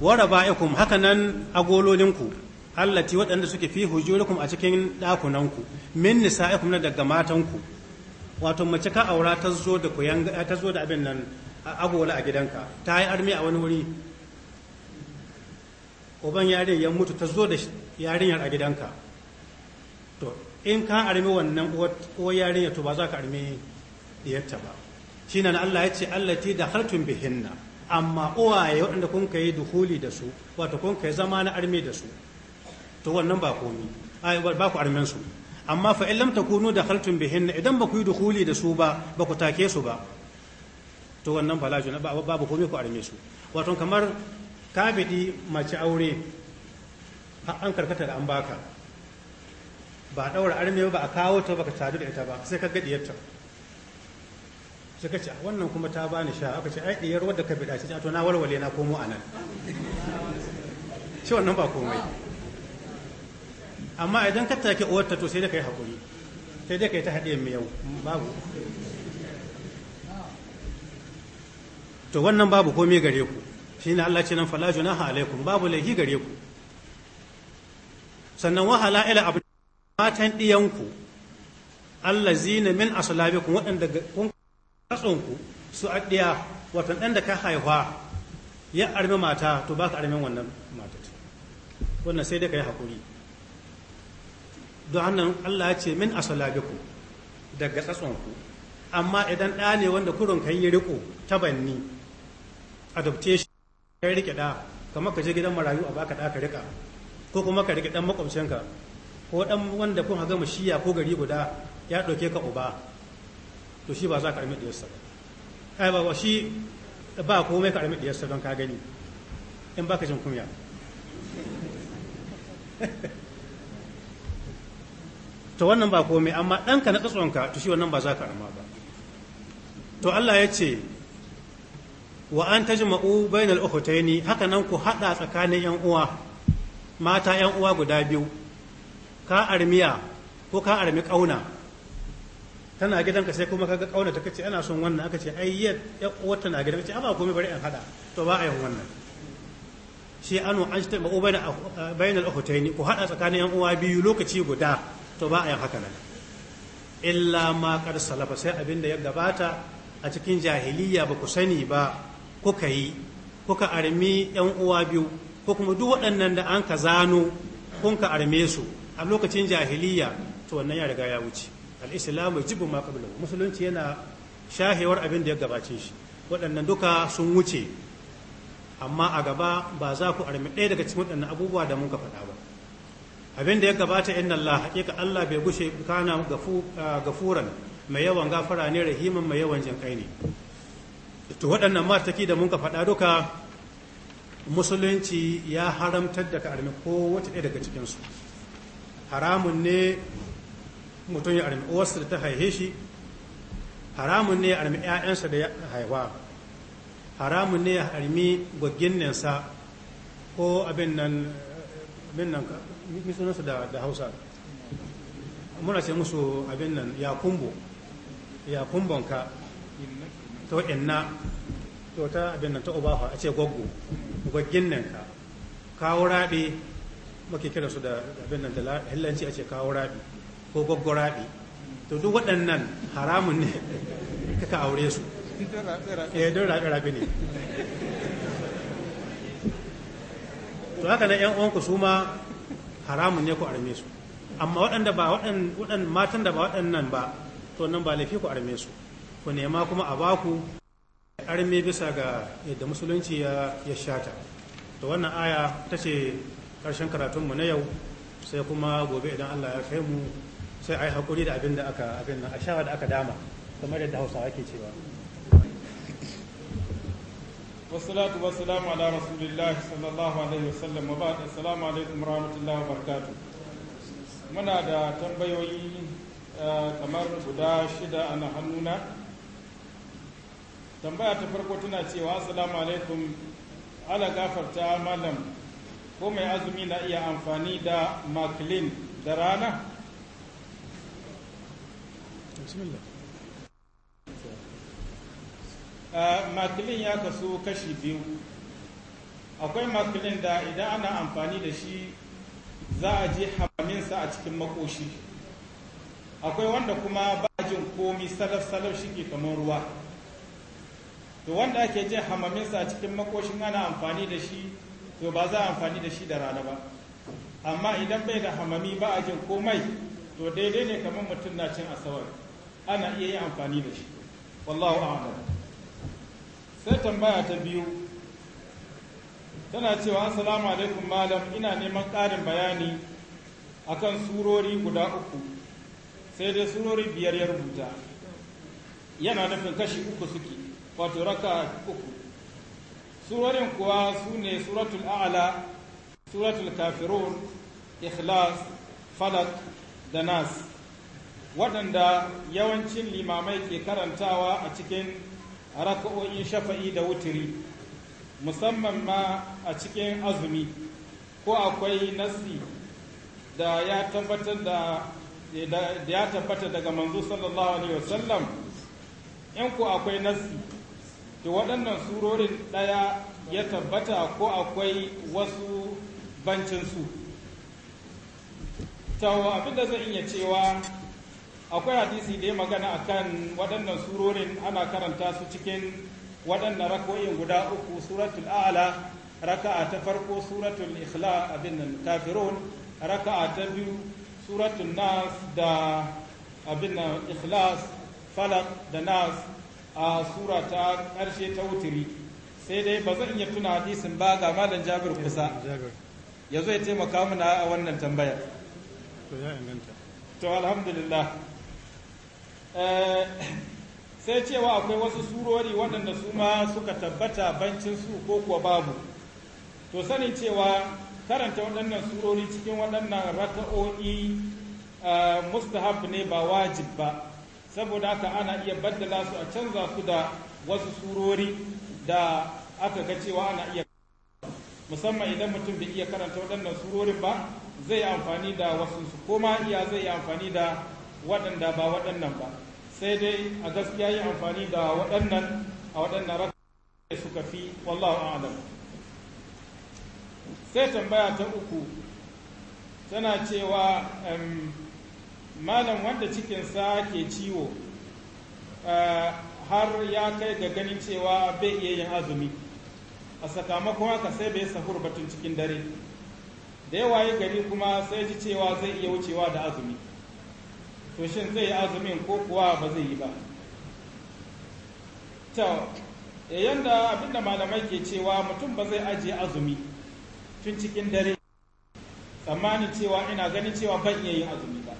wara ba'ikum haka nan agololinku allati waɗanda suke fi hujurikum a cikin ɗakunanku min nisa'ikum na daga matanku wato mace ka aura ta zo da ku ta zo da abin nan agola a gidanka ta yi armi a wani wuri uban yarin ya mutu ta zo da yarinyar a gidanka to in ka armi wannan uwar yarinya to ba za ka armi diyarta ba shine Allah ya ce allati hartun bihinna amma uwaye waɗanda kun yi duhuli da su wato kun yi zama na arme da su to wannan ba komi ba ku armen su amma fa in lam takunu hartun bihinna idan ba ku yi duhuli da su ba ba ku take su ba to wannan ba lajuna babu komi ku arme su wato kamar kabidi mace aure an karkata da an baka ba daura arme ba a kawo ta baka sadu da ita ba sai ka gadiyarta suka ce ah, wannan kuma ta bani sha aka ce ai diyar wadda ka bida to na walwale na komo a nan [LAUGHS] shi wannan ba komai amma idan ka take uwarta to sai dai kai haƙuri sai dai kai ta haɗe mai yau babu to wannan babu komai gare ku shi ne Allah ce nan Falaju na alaikum babu laifi gare ku sannan wahala ila abu matan diyanku allazina min aslabikum waɗanda kun katsonku su addiya watan ɗan da ka haihuwa ya armi mata to ba ka armin wannan matat wannan sai dai ka yi haƙuri don hannun Allah ya ce min biku daga tsatsonku amma idan ɗa ne wanda kurin kan yi riko ta banni adoptation ka yi riƙe ɗa kamar ka je gidan marayu a baka ɗa ka rika ko kuma ka rike ɗan makwabcinka ko ɗan wanda kun haga shiya ko gari guda ya ɗauke ka uba to shi ba za ka rami diyarsa ba ai ba shi ba komai ka rami diyarsa don ka gani in baka jin kunya [LAUGHS] to wannan ba komai amma ɗanka na tsotsonka to shi wannan ba za ka rama ba to Allah ya ce wa an tajma'u bainal ukhtaini haka nan ku hada tsakanin yan uwa mata yan uwa guda biyu ka armiya ko ka armi kauna tana gidanka sai kuma kaga kauna ta kace ana son wannan aka ce ai ya uwarta na gidanka ce amma komai bari an hada to ba a yi wannan shi anu an shi ba'u bayna bainal ukhtayn ku hada tsakanin yan uwa biyu lokaci guda to ba a yi haka nan illa ma kar salafa sai abinda ya gabata a cikin jahiliya ba ku sani ba kuka yi kuka armi yan uwa biyu ko kuma duk waɗannan da an ka zano kun ka arme su a lokacin jahiliya to wannan ya riga ya wuce al-islam yajibu ma musulunci yana shahewar abin da ya gabace shi waɗannan duka sun wuce amma a gaba ba za ku armi ɗaya daga cikin waɗannan abubuwa da muka faɗa ba abin da ya gabata inna Allah haƙiƙa Allah bai gushe kana gafuran mai yawan gafara ne rahiman mai yawan jin kai ne to waɗannan mataki da muka faɗa duka musulunci ya haramtar da ka armi wata ɗaya daga cikinsu haramun ne mutum ya armi uwarsa da ta haihe shi haramun ne ya armi 'ya'yansa da ya haihuwa haramun ne ya armi gwaggin ko abin nan abin nan sunansa da, da hausa muna ce musu abin nan ya kumbo ya kumbonka to inna to ta abin nan ta obafa a ce gwaggo gwaggin nan ka kawo raɓe muke kira su da abin nan da hillanci a ce kawo raɓe ko gwaggwaraɗe to duk waɗannan haramun ne [LAUGHS] kaka aure su eh, don raɓe-raɓe ne to haka na yan uwanku su ma haramun ne ku arme su amma waɗanda ba waɗannan matan da ba waɗannan ba to nan ba laifi ku arme su ku nema kuma a baku arme bisa ga yadda musulunci ya shata to wannan aya ta ce ƙarshen karatunmu na yau sai kuma gobe idan allah ya kai mu sai a yi haƙuri da abin da aka abin nan a shawa da aka dama kamar yadda hausawa ke cewa wasalatu wasalamu ala rasulillah sallallahu alaihi wasallam wa ba'd assalamu alaikum warahmatullahi wabarakatuh muna da tambayoyi eh, kamar guda shida a hannuna tambaya ta farko tana cewa assalamu alaikum ala gafarta malam ko mai azumi na iya amfani da maklin da rana makilin ya kaso kashi biyu akwai makilin da idan ana amfani da shi za a je hamaminsa a cikin makoshi akwai wanda kuma bajin komi salaf-salaf shi ke kamar ruwa to wanda ake jin hamaminsa a cikin makoshin ana amfani da shi to ba za a amfani da shi da rana ba amma idan bai da hamami ba a jin komai to daidai ne kamar mutum na cin asawar ana iya yin amfani da shi wallahu a'lam sai tambaya ta biyu tana cewa assalamu alaikum malam ina neman ƙarin bayani akan surori guda uku sai dai surori biyar ya rubuta yana nufin kashi uku suke wato raka uku surorin kuwa su ne suratul a'la suratul kafirun ikhlas falak da nas waɗanda yawancin limamai ke karantawa a cikin raka'o'in shafa'i da wuturi musamman ma a cikin azumi ko akwai nasi da ya tabbatar da ya tabbata daga manzo sallallahu alaihi wasallam in ko akwai nasi to waɗannan surorin ɗaya ya tabbata ko akwai wasu bancinsu ta abin da zan iya cewa akwai hadisi da ya magana akan waɗannan surorin ana karanta su cikin waɗannan rakoyin guda uku suratul a'la raka'a ta farko suratul ikhla abin nan kafirun raka'a ta biyu suratul nas da abin nan ikhlas falaq da nas a sura ta ƙarshe ta wutiri sai dai ba zan iya tuna hadisin ba ga malam jabir kusa ya zo ya taimaka mana a wannan tambayar to alhamdulillah Eh, sai cewa akwai wasu surori waɗanda su ma suka tabbata bancin su ko kuwa babu to sanin cewa karanta waɗannan surori cikin waɗannan raka'o'i eh, mustahab ne ba wajib ba saboda haka ana iya baddala su a canza su da wasu surori da aka ga cewa ana iya musamman idan mutum bai iya karanta waɗannan surorin ba zai amfani da wasu su koma iya zai amfani da waɗanda ba waɗannan ba sai dai a gaskiya yi amfani da waɗannan a waɗannan raka suka fi wallahu a'lam sai tambaya ta uku tana cewa malam wanda cikinsa ke ciwo eh, har ya kai ga ganin cewa bai iya yin azumi a sakamakon haka sai bai sahur batun cikin dare da yawa yi gari kuma sai ji cewa zai iya wucewa da azumi to shin zai yi azumin ko kuwa ba zai yi ba to yanda abinda malamai ke cewa mutum ba zai ajiye azumi tun cikin dare tsammani cewa ina ganin cewa ban iya yin azumi ba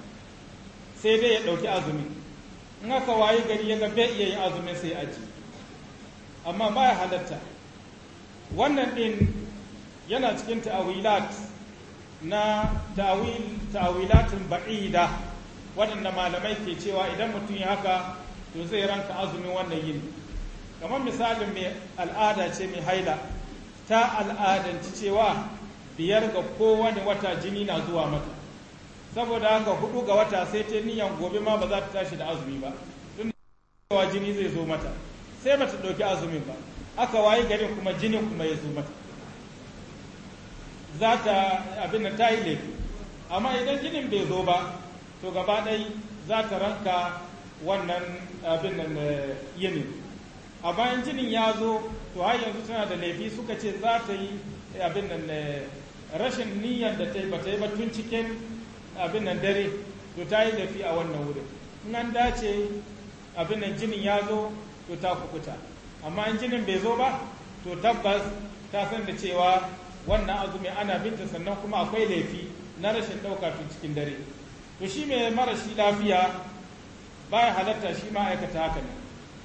sai dai ya ɗauki azumi in aka wayi gari ya ga bai iya yin azumin sai aji amma ba ya halatta wannan ɗin yana cikin ta'awilat na ta'awilatin ba'ida waɗanda malamai ke cewa idan mutum ya haka to zai ranka azumin wannan yini kamar misalin mai al'ada ce mai haila ta al'adanci cewa biyar ga kowane wata jini na zuwa mata saboda haka hudu ga wata sai ta niyan gobe ma ba za ta tashi da azumi ba tun cewa jini zai zo mata sai bata ɗauki azumin ba aka wayi garin kuma jinin kuma ya zo mata za ta abin da ta yi laifi amma idan jinin bai zo ba to gaba ɗai za ta ranka wannan abin nan eh, yini a bayan jinin ya zo to har yanzu tana da laifi suka ce za ta yi eh, abin nan eh, rashin niyyar da ta yi ba ta yi ba tun cikin abin nan dare to ta yi laifi a wannan wurin in an dace abin nan jinin ya zo to ta kukuta amma in jinin bai zo ba to tabbas ta san da cewa wannan azumi ana binta sannan kuma akwai laifi na rashin ɗauka tun cikin dare to shi mai marashi lafiya baya halatta shi ma aikata haka ne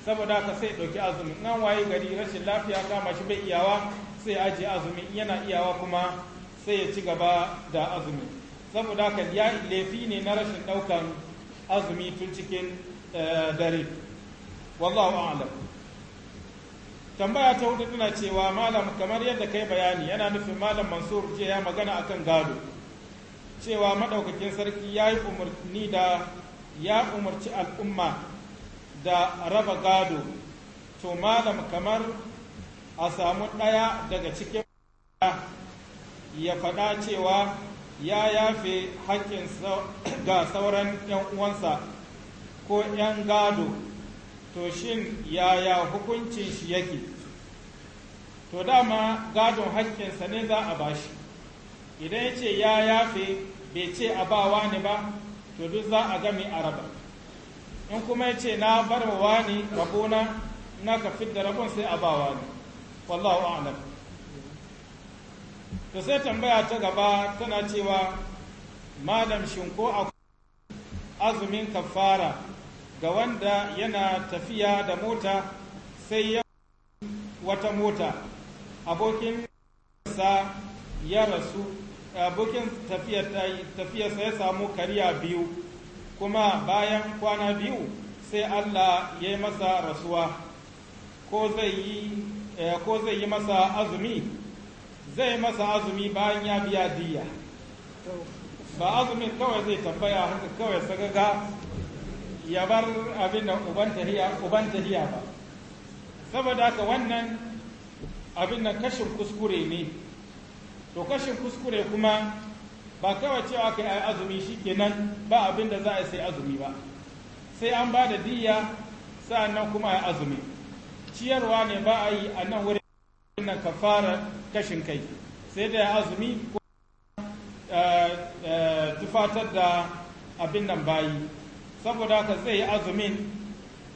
saboda haka sai ɗauki azumi nan waye gari rashin lafiya kama shi bai iyawa sai ajiye azumi yana iyawa kuma sai ya ci gaba da azumi saboda haka ya laifi ne na rashin ɗaukan azumi tun cikin eh, dare wallahu a'lam tambaya ta hudu tana cewa malam kamar yadda kai bayani yana nufin malam mansur je ya magana akan gado cewa maɗaukakin sarki ya yi umarni da ya umarci al'umma da raba gado to malam kamar a samu ɗaya daga cikin ya faɗa cewa ya yafe haƙƙin [COUGHS] ga sauran ‘yan uwansa ko ‘yan gado to shin yaya hukuncin shi yake to dama gadon haƙƙinsa ne za a bashi idan ya ce ya yafe bai ce a ba wani ba to duk za a gami a raba in kuma ya ce na bar wa wani rabona na ka da rabon sai a ba wani wallahu a'lam to sai tambaya ta gaba tana cewa malam shinko a azumin kafara ga wanda yana tafiya da mota sai ya wata mota abokin sa ya rasu abokin tafiyarsa ya samu kariya biyu kuma bayan kwana biyu sai allah ya yi masa rasuwa ko zai yi eh, masa azumi zai masa azumi bayan ya biya diya ba azumin kawai zai tambaya haka kawai sagaga ya bar abin uban tahiya ba saboda haka wannan abin nan kashin kuskure ne to kashin kuskure kuma ba kawai cewa kai ai azumi shi shikenan ba abin da za a sai azumi ba sai an ba da diya nan kuma ai azumi ciyarwa ne ba a yi a nan wurin ka fara kashin kai sai da azumi ko eh, eh, tufatar da abin nan bayi saboda ka zai yi azumin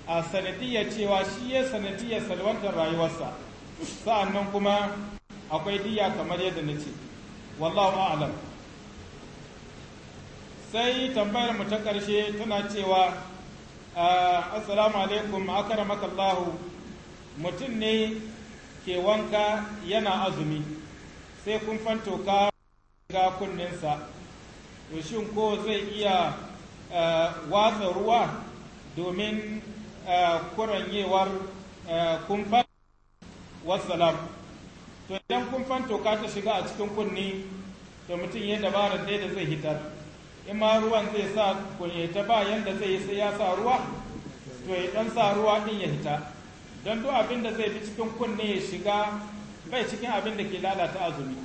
a sanadiyar cewa shi ya sanadiyar salwantar rayuwarsa sa'annan kuma akwai diya kamar yadda na ce wallahu a'lam sai tambayar mu ta ƙarshe tana cewa assalamu alaikum akaramaka Allahu mutum ne ke wanka yana azumi sai kun fanto ka ga kunninsa shin ko zai iya eh, watsa ruwa domin eh, kuranyewar eh, wasu wasalam to idan kumfan toka ta shiga a cikin kunni to mutum ya dabara dai da zai hitar in ma ruwan zai sa kunye ta ba yanda zai yi sai ya sa ruwa to ya dan sa ruwa din ya hita don duk abin da zai bi cikin kunne ya shiga bai cikin abin da ke lalata azumi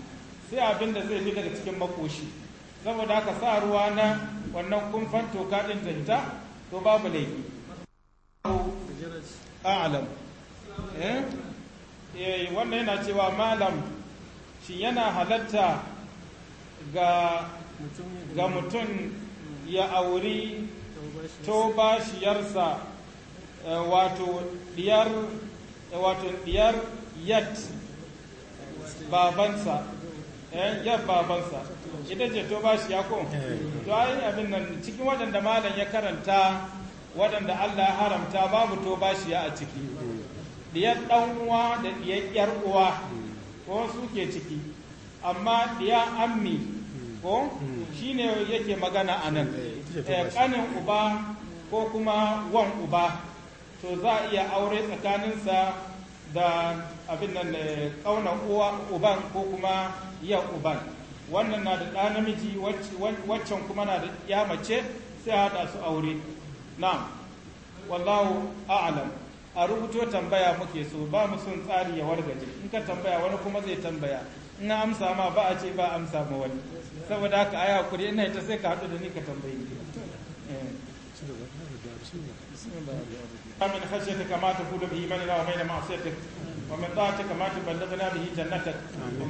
sai abin da zai bi daga cikin makoshi saboda haka sa ruwa na wannan kumfan toka din da hita to babu laifi a'lam eh Eh, wannan yana cewa malam shi yana halatta ga mutum ya auri tobashiyarsa eh, wato diyar eh, wato diyar yat babansa yan babansa ita ce to ba shi ya ko to ai abin nan cikin wadanda malam ya karanta wadanda Allah ya haramta babu to ba shi ya a ciki diyar ɗan da diyar yar uwa ko suke ciki amma diya ammi ko ne yake magana a nan ƙanin eh, eh, uba ko kuma wan uba to za a iya aure tsakaninsa da abin nan ƙaunar eh, uwa uban ko kuma yau uban wannan na da ɗa namiji waccan kuma na da ya mace sai haɗa su aure na wallahu a'alam a rubuto tambaya muke so ba mu sun tsari ya wargaje in ka tambaya wani kuma zai tambaya ina amsa ma ba a ce ba amsa ma wani saboda haka aya kuri ina ita sai ka hadu da ni ka tambaye ni eh. amin hajji ta kamata kudu bi imani na wamai da masu yadda wa mai kamata banda zana da yi jannata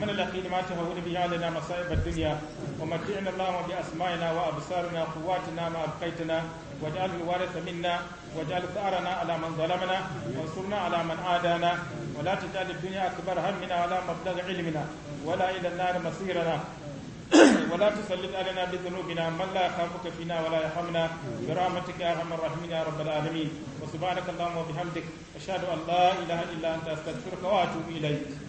mana lafi da mata hau na masu yadda duniya wa mafi ina lamar bi asimai na wa abisar na kuwa ta nama a kaitana واجعل الوارث منا واجعل ثأرنا على من ظلمنا وانصرنا على من عادانا ولا تجعل الدنيا أكبر همنا ولا مبلغ علمنا ولا إلى النار مصيرنا ولا تسلط علينا بذنوبنا من لا يخافك فينا ولا يرحمنا برحمتك يا ارحم الراحمين يا رب العالمين وسبحانك اللهم وبحمدك اشهد ان لا اله الا انت استغفرك واتوب اليك